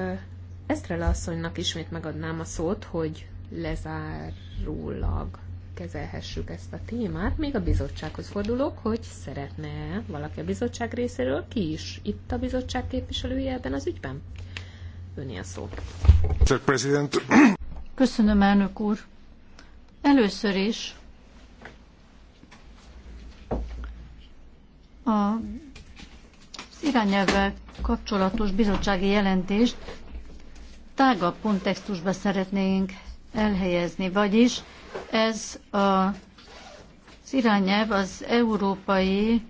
Esztrele asszonynak ismét megadnám a szót, hogy lezárólag kezelhessük ezt a témát, még a bizottsághoz fordulok, hogy szeretne valaki a bizottság részéről, ki is itt a bizottság képviselője ebben az ügyben? Öné a szó. Köszönöm, elnök úr. Először is a irányelvvel kapcsolatos bizottsági jelentést tágabb kontextusba szeretnénk elhelyezni, vagyis ez a, az irányelv az Európai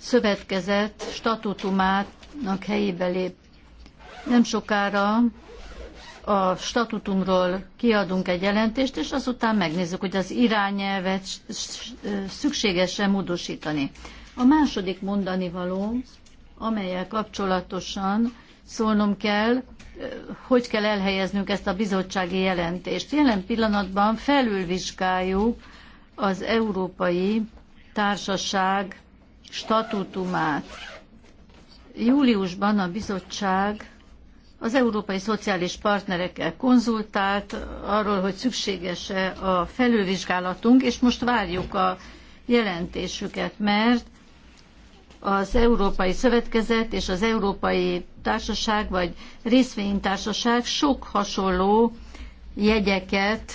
Szövetkezet statutumának helyébe lép. Nem sokára a statutumról kiadunk egy jelentést, és azután megnézzük, hogy az irányelvet szükséges-e módosítani. A második mondani való, amelyel kapcsolatosan szólnom kell, hogy kell elhelyeznünk ezt a bizottsági jelentést. Jelen pillanatban felülvizsgáljuk az Európai Társaság statutumát. Júliusban a bizottság az európai szociális partnerekkel konzultált arról, hogy szükséges-e a felülvizsgálatunk, és most várjuk a jelentésüket, mert az Európai Szövetkezet és az Európai Társaság vagy részvénytársaság sok hasonló jegyeket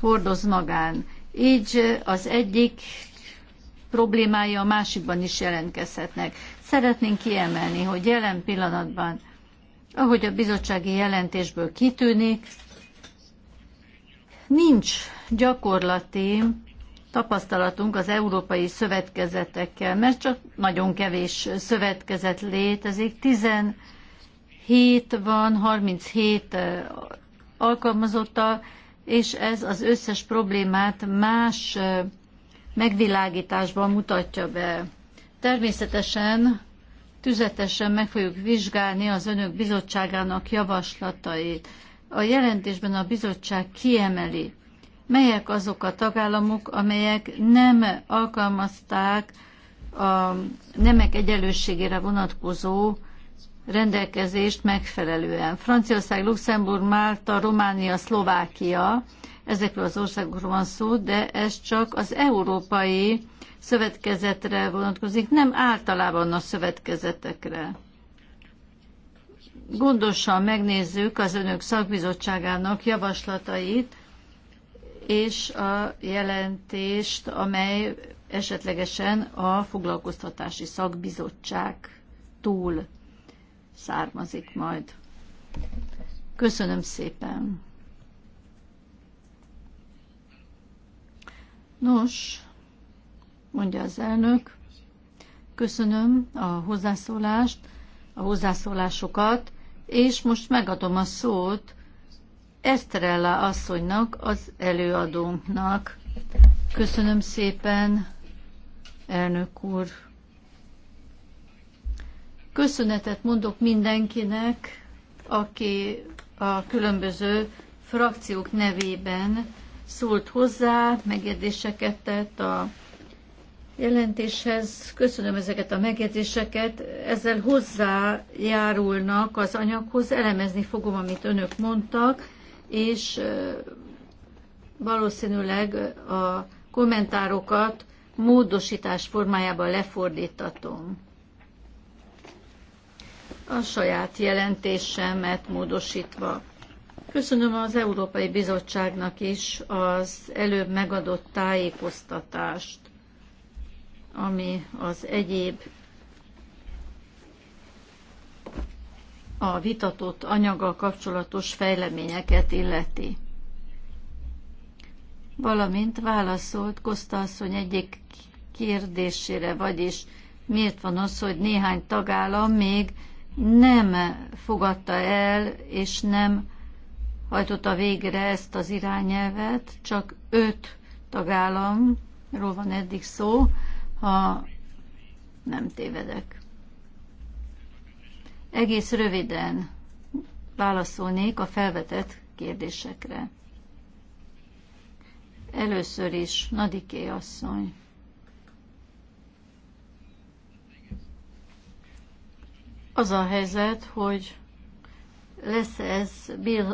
hordoz magán. Így az egyik problémája a másikban is jelentkezhetnek. Szeretnénk kiemelni, hogy jelen pillanatban ahogy a bizottsági jelentésből kitűnik, nincs gyakorlati tapasztalatunk az európai szövetkezetekkel, mert csak nagyon kevés szövetkezet létezik. 17 van, 37 alkalmazottal, és ez az összes problémát más megvilágításban mutatja be. Természetesen tüzetesen meg fogjuk vizsgálni az önök bizottságának javaslatait. A jelentésben a bizottság kiemeli, melyek azok a tagállamok, amelyek nem alkalmazták a nemek egyenlőségére vonatkozó rendelkezést megfelelően. Franciaország, Luxemburg, Málta, Románia, Szlovákia ezekről az országokról van szó, de ez csak az európai szövetkezetre vonatkozik, nem általában a szövetkezetekre. Gondosan megnézzük az önök szakbizottságának javaslatait, és a jelentést, amely esetlegesen a foglalkoztatási szakbizottság túl származik majd. Köszönöm szépen! Nos, mondja az elnök, köszönöm a hozzászólást, a hozzászólásokat, és most megadom a szót Eszterella asszonynak, az előadónknak. Köszönöm szépen, elnök úr. Köszönetet mondok mindenkinek, aki a különböző frakciók nevében szólt hozzá, megjegyzéseket tett a jelentéshez. Köszönöm ezeket a megjegyzéseket. Ezzel hozzájárulnak az anyaghoz. Elemezni fogom, amit önök mondtak, és valószínűleg a kommentárokat módosítás formájában lefordítatom. A saját jelentésemet módosítva. Köszönöm az Európai Bizottságnak is az előbb megadott tájékoztatást, ami az egyéb a vitatott anyaggal kapcsolatos fejleményeket illeti. Valamint válaszolt Koszta asszony egyik kérdésére, vagyis miért van az, hogy néhány tagállam még nem fogadta el és nem hajtotta végre ezt az irányelvet, csak öt tagállamról van eddig szó, ha nem tévedek. Egész röviden válaszolnék a felvetett kérdésekre. Először is Nadiké asszony. Az a helyzet, hogy lesz ez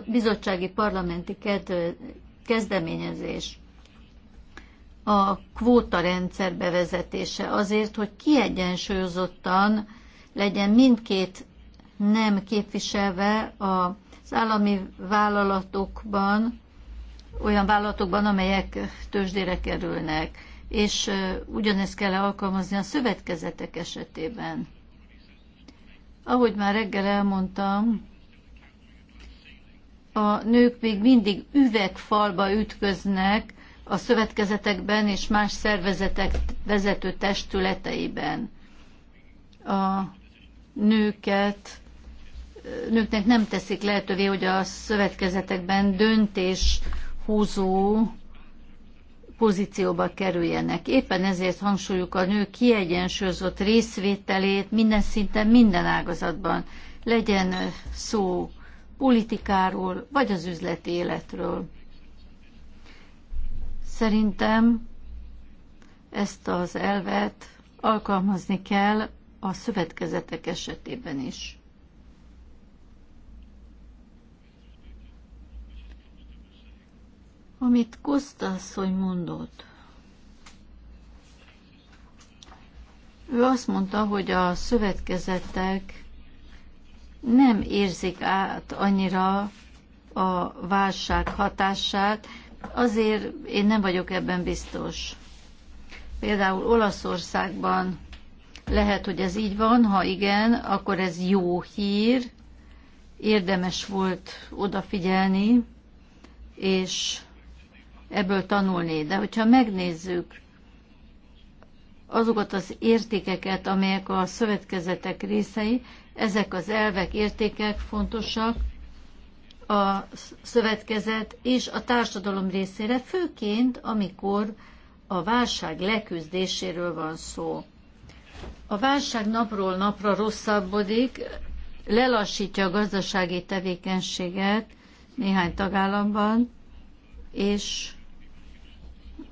bizottsági parlamenti kezdeményezés a kvóta rendszer bevezetése azért, hogy kiegyensúlyozottan legyen mindkét nem képviselve az állami vállalatokban, olyan vállalatokban, amelyek tőzsdére kerülnek, és ugyanezt kell alkalmazni a szövetkezetek esetében. Ahogy már reggel elmondtam, a nők még mindig üvegfalba ütköznek a szövetkezetekben és más szervezetek vezető testületeiben. A nőket, nőknek nem teszik lehetővé, hogy a szövetkezetekben döntés húzó pozícióba kerüljenek. Éppen ezért hangsúlyuk a nők kiegyensúlyozott részvételét minden szinten, minden ágazatban. Legyen szó politikáról, vagy az üzleti életről. Szerintem ezt az elvet alkalmazni kell a szövetkezetek esetében is. Amit Kosztasszony mondott, ő azt mondta, hogy a szövetkezetek nem érzik át annyira a válság hatását, azért én nem vagyok ebben biztos. Például Olaszországban lehet, hogy ez így van, ha igen, akkor ez jó hír, érdemes volt odafigyelni, és ebből tanulni. De hogyha megnézzük azokat az értékeket, amelyek a szövetkezetek részei, ezek az elvek, értékek fontosak a szövetkezet és a társadalom részére, főként amikor a válság leküzdéséről van szó. A válság napról napra rosszabbodik, lelassítja a gazdasági tevékenységet néhány tagállamban, és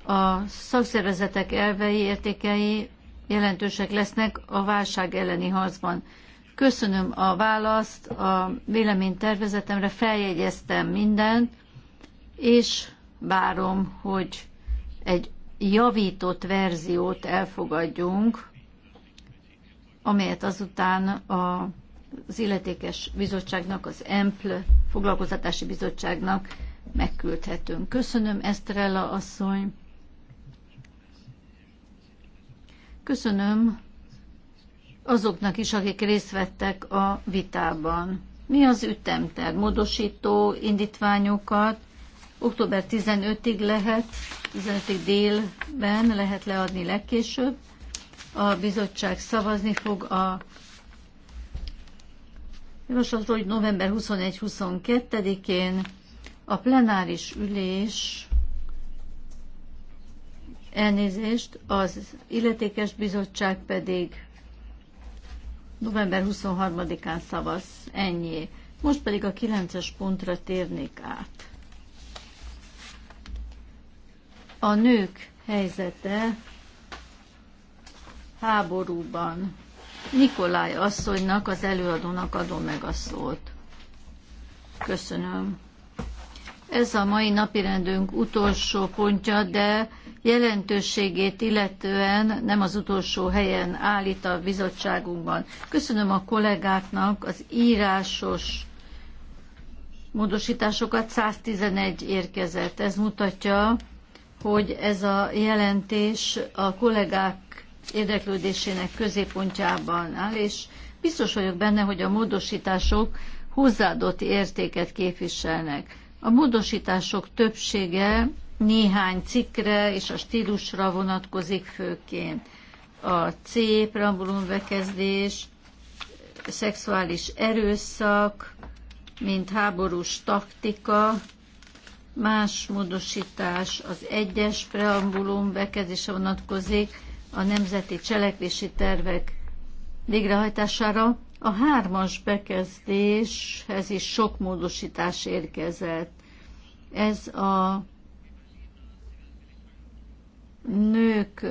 a szakszervezetek elvei, értékei jelentősek lesznek a válság elleni harcban. Köszönöm a választ, a véleménytervezetemre feljegyeztem mindent, és várom, hogy egy javított verziót elfogadjunk, amelyet azután a, az illetékes bizottságnak, az EMPL foglalkoztatási bizottságnak megküldhetünk. Köszönöm, Esztrella asszony. Köszönöm azoknak is, akik részt vettek a vitában. Mi az ütemterv? Módosító indítványokat október 15-ig lehet, 15-ig délben lehet leadni legkésőbb. A bizottság szavazni fog a javaslatról, hogy november 21-22-én a plenáris ülés elnézést, az illetékes bizottság pedig november 23-án szavaz. Ennyi. Most pedig a 9-es pontra térnék át. A nők helyzete háborúban. Nikolaj asszonynak, az előadónak adom meg a szót. Köszönöm. Ez a mai napirendünk utolsó pontja, de jelentőségét illetően nem az utolsó helyen állít a bizottságunkban. Köszönöm a kollégáknak az írásos módosításokat, 111 érkezett. Ez mutatja, hogy ez a jelentés a kollégák érdeklődésének középpontjában áll, és biztos vagyok benne, hogy a módosítások hozzáadott értéket képviselnek. A módosítások többsége néhány cikkre és a stílusra vonatkozik főként. A C preambulum bekezdés, szexuális erőszak, mint háborús taktika, más módosítás az egyes preambulum bekezdése vonatkozik a nemzeti cselekvési tervek végrehajtására. A hármas bekezdéshez is sok módosítás érkezett. Ez a nők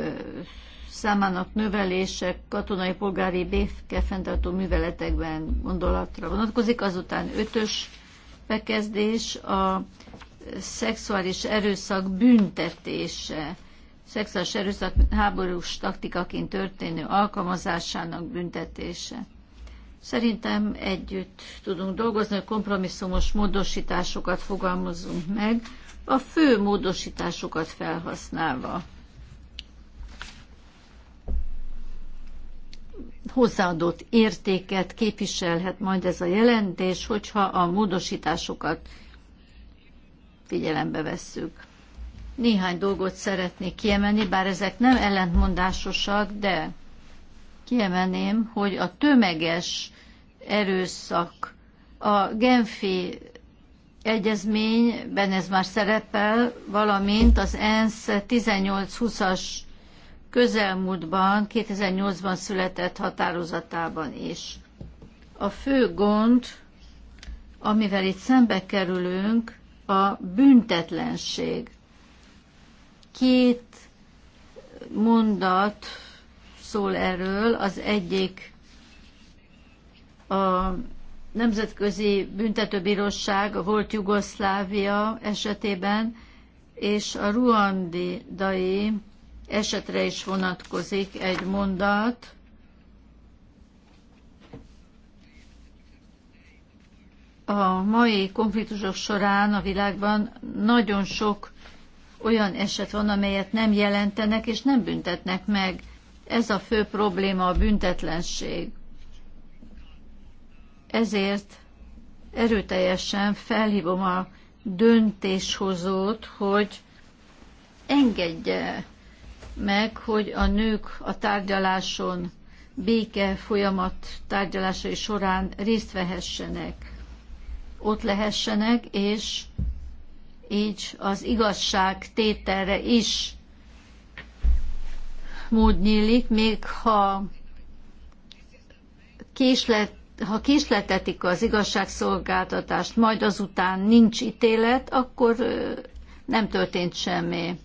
számának növelése katonai polgári békefenntartó műveletekben gondolatra vonatkozik, azután ötös bekezdés a szexuális erőszak büntetése, szexuális erőszak háborús taktikaként történő alkalmazásának büntetése. Szerintem együtt tudunk dolgozni, hogy kompromisszumos módosításokat fogalmazunk meg, a fő módosításokat felhasználva. hozzáadott értéket képviselhet majd ez a jelentés, hogyha a módosításokat figyelembe vesszük. Néhány dolgot szeretnék kiemelni, bár ezek nem ellentmondásosak, de kiemelném, hogy a tömeges erőszak, a Genfi egyezményben ez már szerepel, valamint az ENSZ 18-20-as közelmúltban, 2008-ban született határozatában is. A fő gond, amivel itt szembe kerülünk, a büntetlenség. Két mondat szól erről, az egyik a Nemzetközi Büntetőbíróság a volt Jugoszlávia esetében, és a ruandai esetre is vonatkozik egy mondat. A mai konfliktusok során a világban nagyon sok olyan eset van, amelyet nem jelentenek és nem büntetnek meg. Ez a fő probléma a büntetlenség. Ezért erőteljesen felhívom a döntéshozót, hogy engedje meg, hogy a nők a tárgyaláson, béke folyamat tárgyalásai során részt vehessenek, ott lehessenek, és így az igazság tételre is mód nyílik, még ha, késlet, ha késletetik az igazságszolgáltatást, majd azután nincs ítélet, akkor nem történt semmi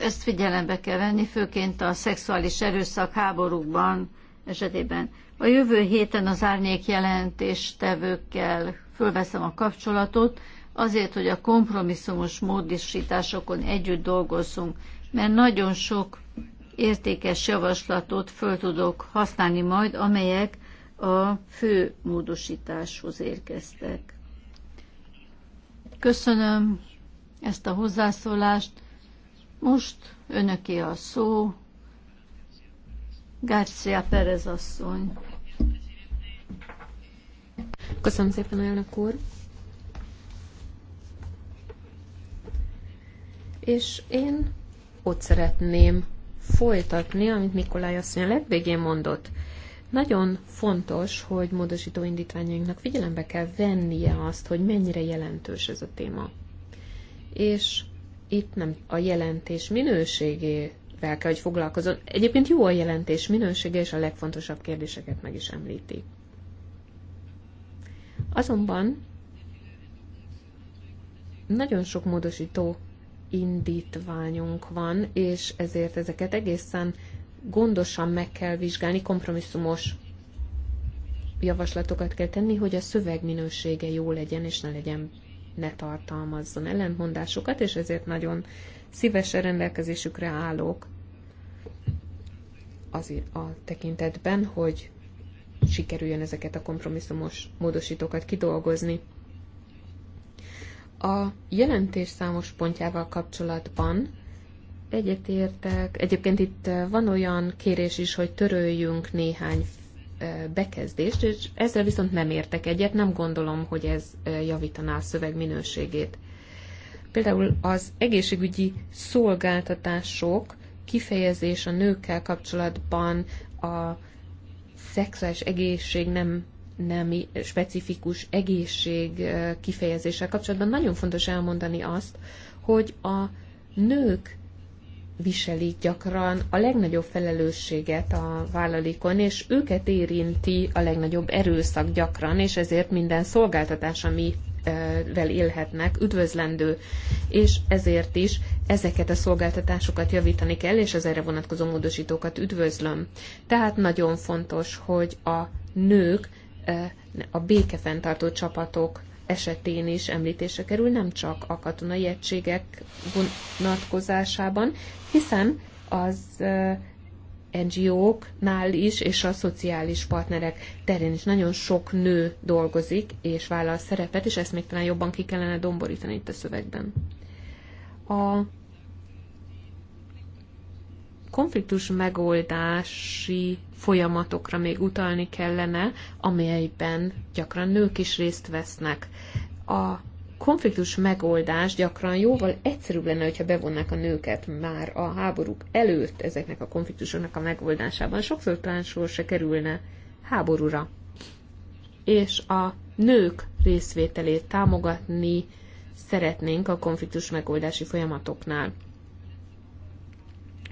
ezt figyelembe kell venni, főként a szexuális erőszak háborúkban esetében. A jövő héten az árnyék jelentéstevőkkel fölveszem a kapcsolatot, azért, hogy a kompromisszumos módosításokon együtt dolgozzunk, mert nagyon sok értékes javaslatot föl tudok használni majd, amelyek a fő módosításhoz érkeztek. Köszönöm ezt a hozzászólást. Most önöké a szó, Garcia Perez asszony. Köszönöm szépen, elnök úr. És én ott szeretném folytatni, amit Nikolaj asszony a legvégén mondott. Nagyon fontos, hogy módosító indítványainknak figyelembe kell vennie azt, hogy mennyire jelentős ez a téma. És itt nem a jelentés minőségével kell, hogy foglalkozon. Egyébként jó a jelentés minősége, és a legfontosabb kérdéseket meg is említi. Azonban nagyon sok módosító indítványunk van, és ezért ezeket egészen gondosan meg kell vizsgálni, kompromisszumos javaslatokat kell tenni, hogy a szöveg minősége jó legyen, és ne legyen ne tartalmazzon ellentmondásokat, és ezért nagyon szívesen rendelkezésükre állok az a tekintetben, hogy sikerüljön ezeket a kompromisszumos módosítókat kidolgozni. A jelentés számos pontjával kapcsolatban egyetértek. Egyébként itt van olyan kérés is, hogy töröljünk néhány bekezdést, és ezzel viszont nem értek egyet, nem gondolom, hogy ez javítaná a szöveg minőségét. Például az egészségügyi szolgáltatások kifejezés a nőkkel kapcsolatban a szexuális egészség nem nemi specifikus egészség kifejezéssel kapcsolatban nagyon fontos elmondani azt, hogy a nők viselik gyakran a legnagyobb felelősséget a vállalikon, és őket érinti a legnagyobb erőszak gyakran, és ezért minden szolgáltatás, ami e, vel élhetnek, üdvözlendő, és ezért is ezeket a szolgáltatásokat javítani kell, és az erre vonatkozó módosítókat üdvözlöm. Tehát nagyon fontos, hogy a nők e, a békefenntartó csapatok esetén is említése kerül, nem csak a katonai egységek vonatkozásában, hiszen az NGO-knál is, és a szociális partnerek terén is nagyon sok nő dolgozik, és vállal szerepet, és ezt még talán jobban ki kellene domborítani itt a szövegben. A konfliktus megoldási folyamatokra még utalni kellene, amelyben gyakran nők is részt vesznek. A konfliktus megoldás gyakran jóval egyszerűbb lenne, hogyha bevonnák a nőket már a háborúk előtt ezeknek a konfliktusoknak a megoldásában. Sokszor talán sor se kerülne háborúra. És a nők részvételét támogatni szeretnénk a konfliktus megoldási folyamatoknál.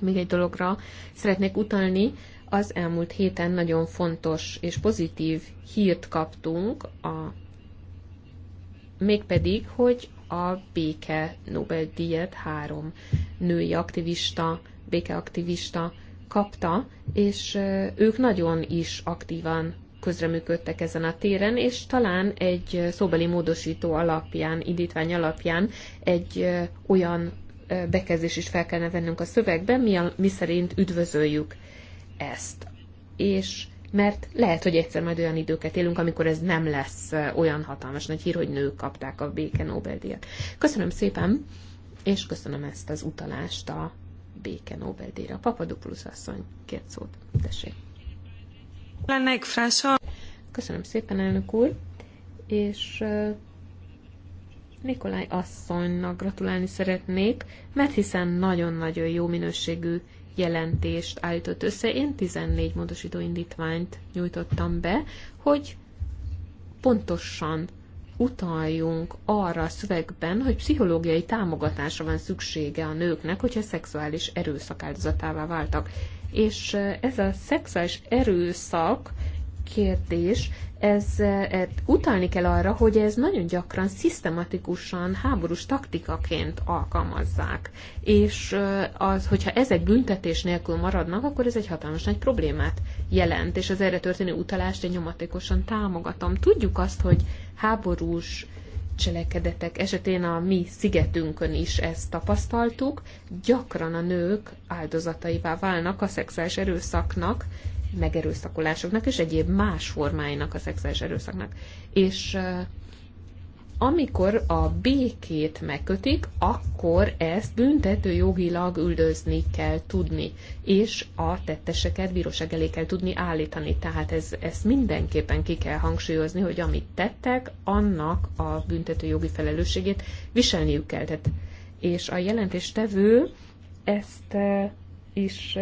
Még egy dologra szeretnék utalni, az elmúlt héten nagyon fontos és pozitív hírt kaptunk, a, mégpedig, hogy a béke Nobel-díjat három női aktivista, békeaktivista kapta, és ők nagyon is aktívan közreműködtek ezen a téren, és talán egy szóbeli módosító alapján, indítvány alapján egy olyan bekezdés is fel kellene vennünk a szövegben, mi, a, mi szerint üdvözöljük ezt. És mert lehet, hogy egyszer majd olyan időket élünk, amikor ez nem lesz olyan hatalmas nagy hír, hogy nők kapták a béke Nobel-díjat. Köszönöm szépen, és köszönöm ezt az utalást a béke Nobel-díjra. Papadopoulos asszony, két szót, tessék. Köszönöm szépen, elnök úr, és Nikolaj asszonynak gratulálni szeretnék, mert hiszen nagyon-nagyon jó minőségű jelentést állított össze. Én 14 módosító indítványt nyújtottam be, hogy pontosan utaljunk arra a szövegben, hogy pszichológiai támogatásra van szüksége a nőknek, hogyha szexuális erőszak áldozatává váltak. És eh, ez a szexuális erőszak kérdés, ez, ez e, utalni kell arra, hogy ez nagyon gyakran szisztematikusan háborús taktikaként alkalmazzák. És e, az, hogyha ezek büntetés nélkül maradnak, akkor ez egy hatalmas nagy problémát jelent, és az erre történő utalást én nyomatékosan támogatom. Tudjuk azt, hogy háborús cselekedetek esetén a mi szigetünkön is ezt tapasztaltuk, gyakran a nők áldozataivá válnak a szexuális erőszaknak, megerőszakolásoknak és egyéb más formáinak a szexuális erőszaknak. És amikor a békét megkötik, akkor ezt büntető jogilag üldözni kell tudni, és a tetteseket bíróság elé kell tudni állítani. Tehát ez, ezt mindenképpen ki kell hangsúlyozni, hogy amit tettek, annak a büntető jogi felelősségét viselniük kell. Tehát, és a jelentéstevő ezt is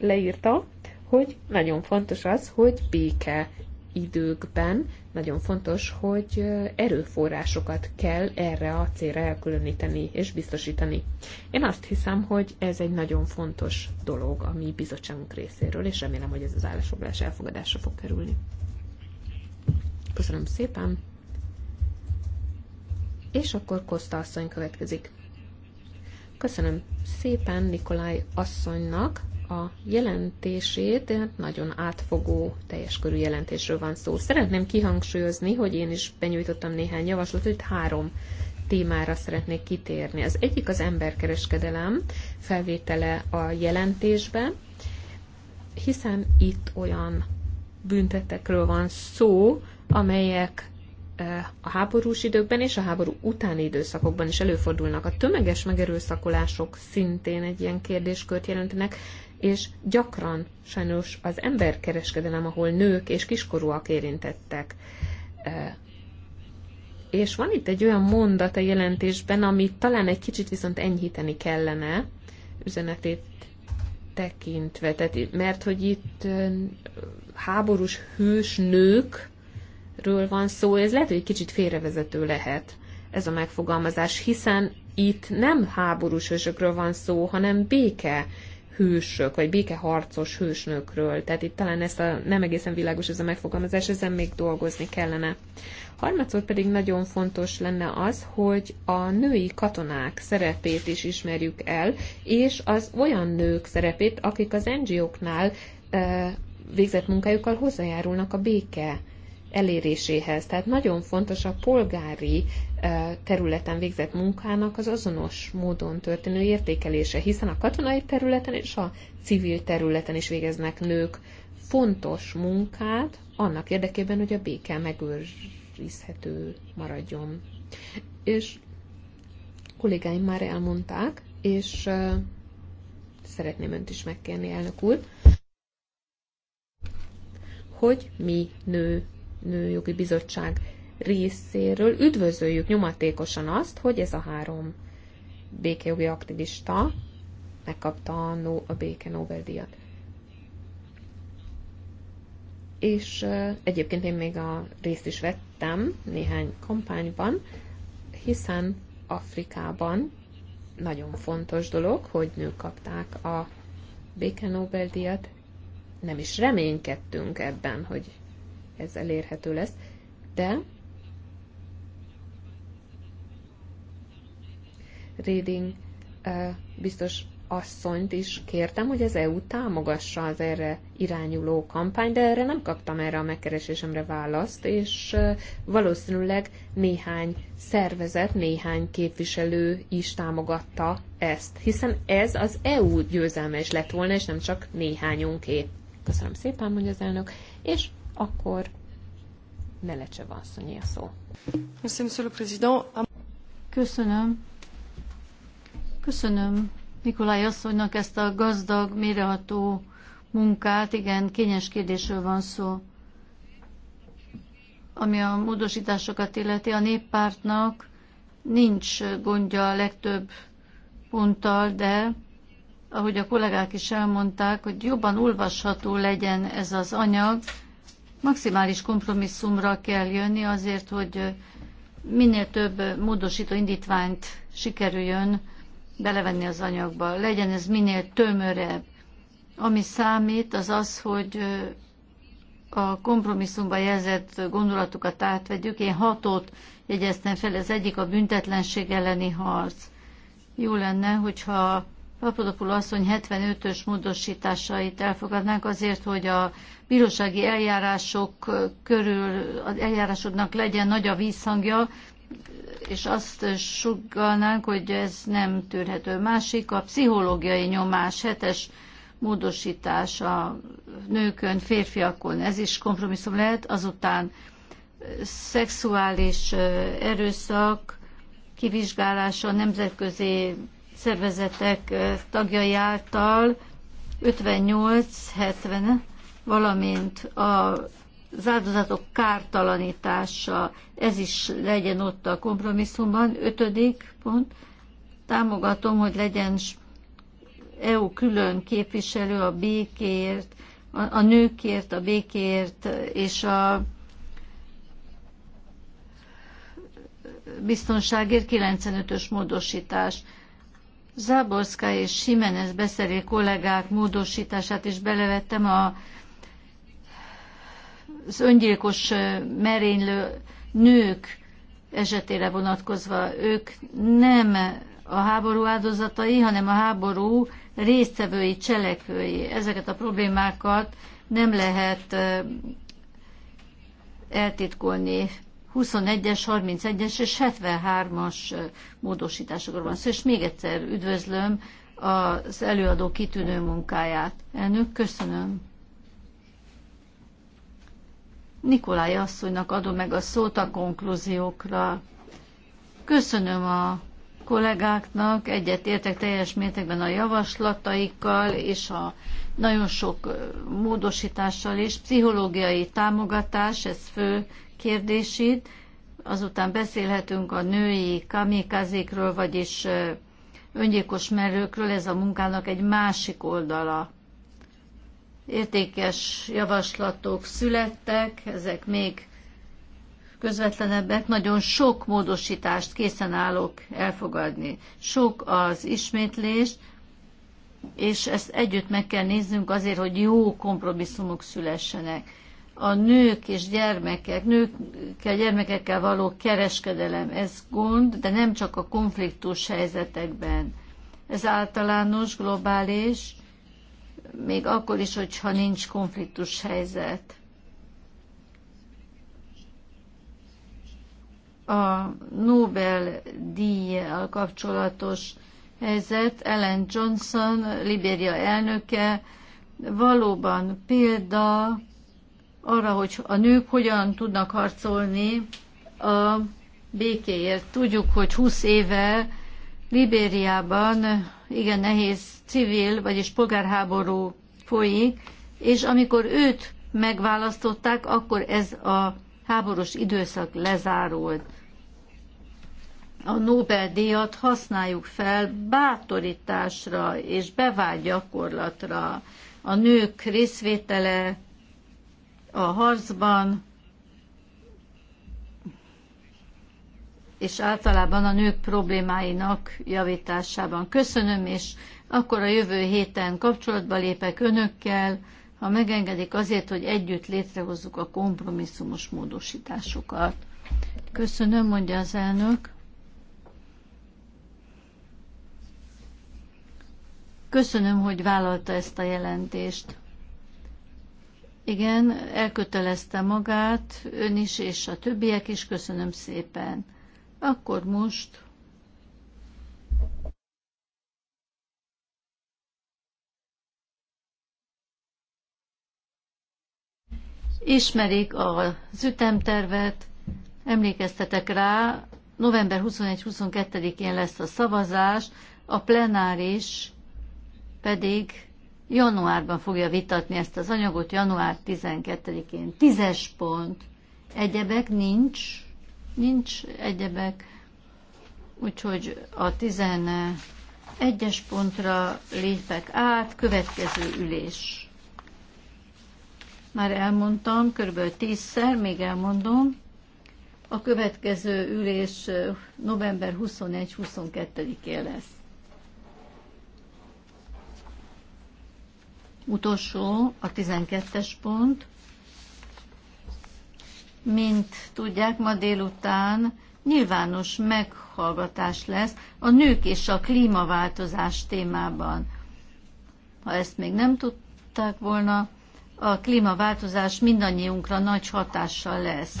leírta, hogy nagyon fontos az, hogy béke időkben nagyon fontos, hogy erőforrásokat kell erre a célra elkülöníteni és biztosítani. Én azt hiszem, hogy ez egy nagyon fontos dolog a mi bizottságunk részéről, és remélem, hogy ez az állásfoglalás elfogadásra fog kerülni. Köszönöm szépen! És akkor Koszta asszony következik. Köszönöm szépen Nikolaj asszonynak a jelentését, de hát nagyon átfogó, teljes körű jelentésről van szó. Szeretném kihangsúlyozni, hogy én is benyújtottam néhány javaslatot, hogy három témára szeretnék kitérni. Az egyik az emberkereskedelem felvétele a jelentésbe, hiszen itt olyan büntetekről van szó, amelyek eh, a háborús időkben és a háború utáni időszakokban is előfordulnak. A tömeges megerőszakolások szintén egy ilyen kérdéskört jelentenek, és gyakran sajnos az emberkereskedelem, ahol nők és kiskorúak érintettek. E, és van itt egy olyan mondat a jelentésben, amit talán egy kicsit viszont enyhíteni kellene üzenetét tekintve, tehát, mert hogy itt e, háborús hős nőkről van szó, ez lehet, hogy egy kicsit félrevezető lehet ez a megfogalmazás, hiszen itt nem háborús hősökről van szó, hanem béke hősök, vagy békeharcos hősnőkről. Tehát itt talán ezt a, nem egészen világos ez a megfogalmazás, ezen még dolgozni kellene. Harmadszor pedig nagyon fontos lenne az, hogy a női katonák szerepét is ismerjük el, és az olyan nők szerepét, akik az NGO-knál e, végzett munkájukkal hozzájárulnak a béke eléréséhez. Tehát nagyon fontos a polgári területen végzett munkának az azonos módon történő értékelése, hiszen a katonai területen és a civil területen is végeznek nők fontos munkát annak érdekében, hogy a béke megőrizhető maradjon. És kollégáim már elmondták, és szeretném önt is megkérni, elnök úr, hogy mi nő, nőjogi bizottság részéről üdvözöljük nyomatékosan azt, hogy ez a három békejogi aktivista megkapta a, a béke Nobel-díjat. És egyébként én még a részt is vettem néhány kampányban, hiszen Afrikában nagyon fontos dolog, hogy nők kapták a béke Nobel-díjat. Nem is reménykedtünk ebben, hogy ez elérhető lesz, de Reading biztos asszonyt is kértem, hogy az EU támogassa az erre irányuló kampány, de erre nem kaptam erre a megkeresésemre választ, és valószínűleg néhány szervezet, néhány képviselő is támogatta ezt, hiszen ez az EU győzelme is lett volna, és nem csak néhányunké. Köszönöm szépen, mondja az elnök, és akkor Melecseva asszonyi a szó. Köszönöm. Köszönöm Nikolaj asszonynak ezt a gazdag, méreható munkát. Igen, kényes kérdésről van szó. Ami a módosításokat illeti, a néppártnak nincs gondja a legtöbb ponttal, de ahogy a kollégák is elmondták, hogy jobban olvasható legyen ez az anyag, maximális kompromisszumra kell jönni azért, hogy minél több módosító indítványt sikerüljön belevenni az anyagba. Legyen ez minél tömörebb. Ami számít, az az, hogy a kompromisszumba jelzett gondolatokat átvegyük. Én hatot jegyeztem fel, ez egyik a büntetlenség elleni harc. Jó lenne, hogyha Papadopul asszony 75-ös módosításait elfogadnánk azért, hogy a bírósági eljárások körül, az eljárásodnak legyen nagy a vízhangja, és azt sugalnánk, hogy ez nem tűrhető. Másik a pszichológiai nyomás, hetes módosítás a nőkön, férfiakon, ez is kompromisszum lehet, azután szexuális erőszak kivizsgálása nemzetközi szervezetek tagjai által 58-70, valamint a az áldozatok kártalanítása, ez is legyen ott a kompromisszumban. Ötödik pont, támogatom, hogy legyen EU külön képviselő a békéért, a, a nőkért, a békéért és a biztonságért 95-ös módosítás. Záborszka és Simenez beszélő kollégák módosítását is belevettem a az öngyilkos merénylő nők esetére vonatkozva. Ők nem a háború áldozatai, hanem a háború résztvevői, cselekvői. Ezeket a problémákat nem lehet eltitkolni. 21-es, 31-es és 73-as módosításokról van szó. Szóval és még egyszer üdvözlöm az előadó kitűnő munkáját. Elnök, köszönöm. Nikolaj asszonynak adom meg a szót a konklúziókra. Köszönöm a kollégáknak, egyet értek teljes mértékben a javaslataikkal és a nagyon sok módosítással is. Pszichológiai támogatás, ez fő kérdését. Azután beszélhetünk a női kamikázékről, vagyis öngyilkos merőkről, ez a munkának egy másik oldala értékes javaslatok születtek, ezek még közvetlenebbek, nagyon sok módosítást készen állok elfogadni. Sok az ismétlés, és ezt együtt meg kell néznünk azért, hogy jó kompromisszumok szülessenek. A nők és gyermekek, nőkkel, gyermekekkel való kereskedelem, ez gond, de nem csak a konfliktus helyzetekben. Ez általános, globális, még akkor is, hogyha nincs konfliktus helyzet. a Nobel-díjjal kapcsolatos helyzet, Ellen Johnson, Liberia elnöke, valóban példa arra, hogy a nők hogyan tudnak harcolni a békéért. Tudjuk, hogy 20 éve Libériában igen nehéz civil, vagyis polgárháború folyik, és amikor őt megválasztották, akkor ez a háborús időszak lezárult. A Nobel-díjat használjuk fel bátorításra és bevált gyakorlatra. A nők részvétele a harcban, és általában a nők problémáinak javításában. Köszönöm, és akkor a jövő héten kapcsolatba lépek önökkel, ha megengedik azért, hogy együtt létrehozzuk a kompromisszumos módosításokat. Köszönöm, mondja az elnök. Köszönöm, hogy vállalta ezt a jelentést. Igen, elkötelezte magát, ön is és a többiek is. Köszönöm szépen. Akkor most ismerik az ütemtervet, emlékeztetek rá, november 21-22-én lesz a szavazás, a plenáris pedig januárban fogja vitatni ezt az anyagot, január 12-én. Tízes pont. Egyebek nincs nincs egyebek, úgyhogy a 11-es pontra lépek át, következő ülés. Már elmondtam, 10 szer még elmondom. A következő ülés november 21-22-én lesz. Utolsó, a 12-es pont. Mint tudják, ma délután nyilvános meghallgatás lesz a nők és a klímaváltozás témában. Ha ezt még nem tudták volna, a klímaváltozás mindannyiunkra nagy hatással lesz.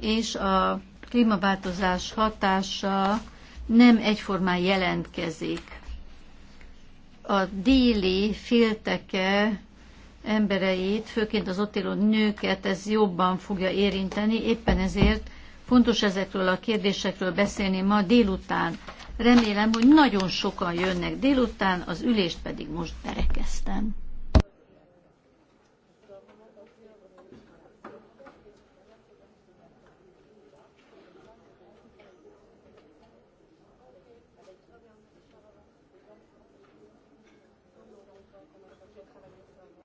És a klímaváltozás hatása nem egyformán jelentkezik. A déli félteke embereit, főként az ott élő nőket ez jobban fogja érinteni, éppen ezért fontos ezekről a kérdésekről beszélni ma délután. Remélem, hogy nagyon sokan jönnek délután, az ülést pedig most berekeztem.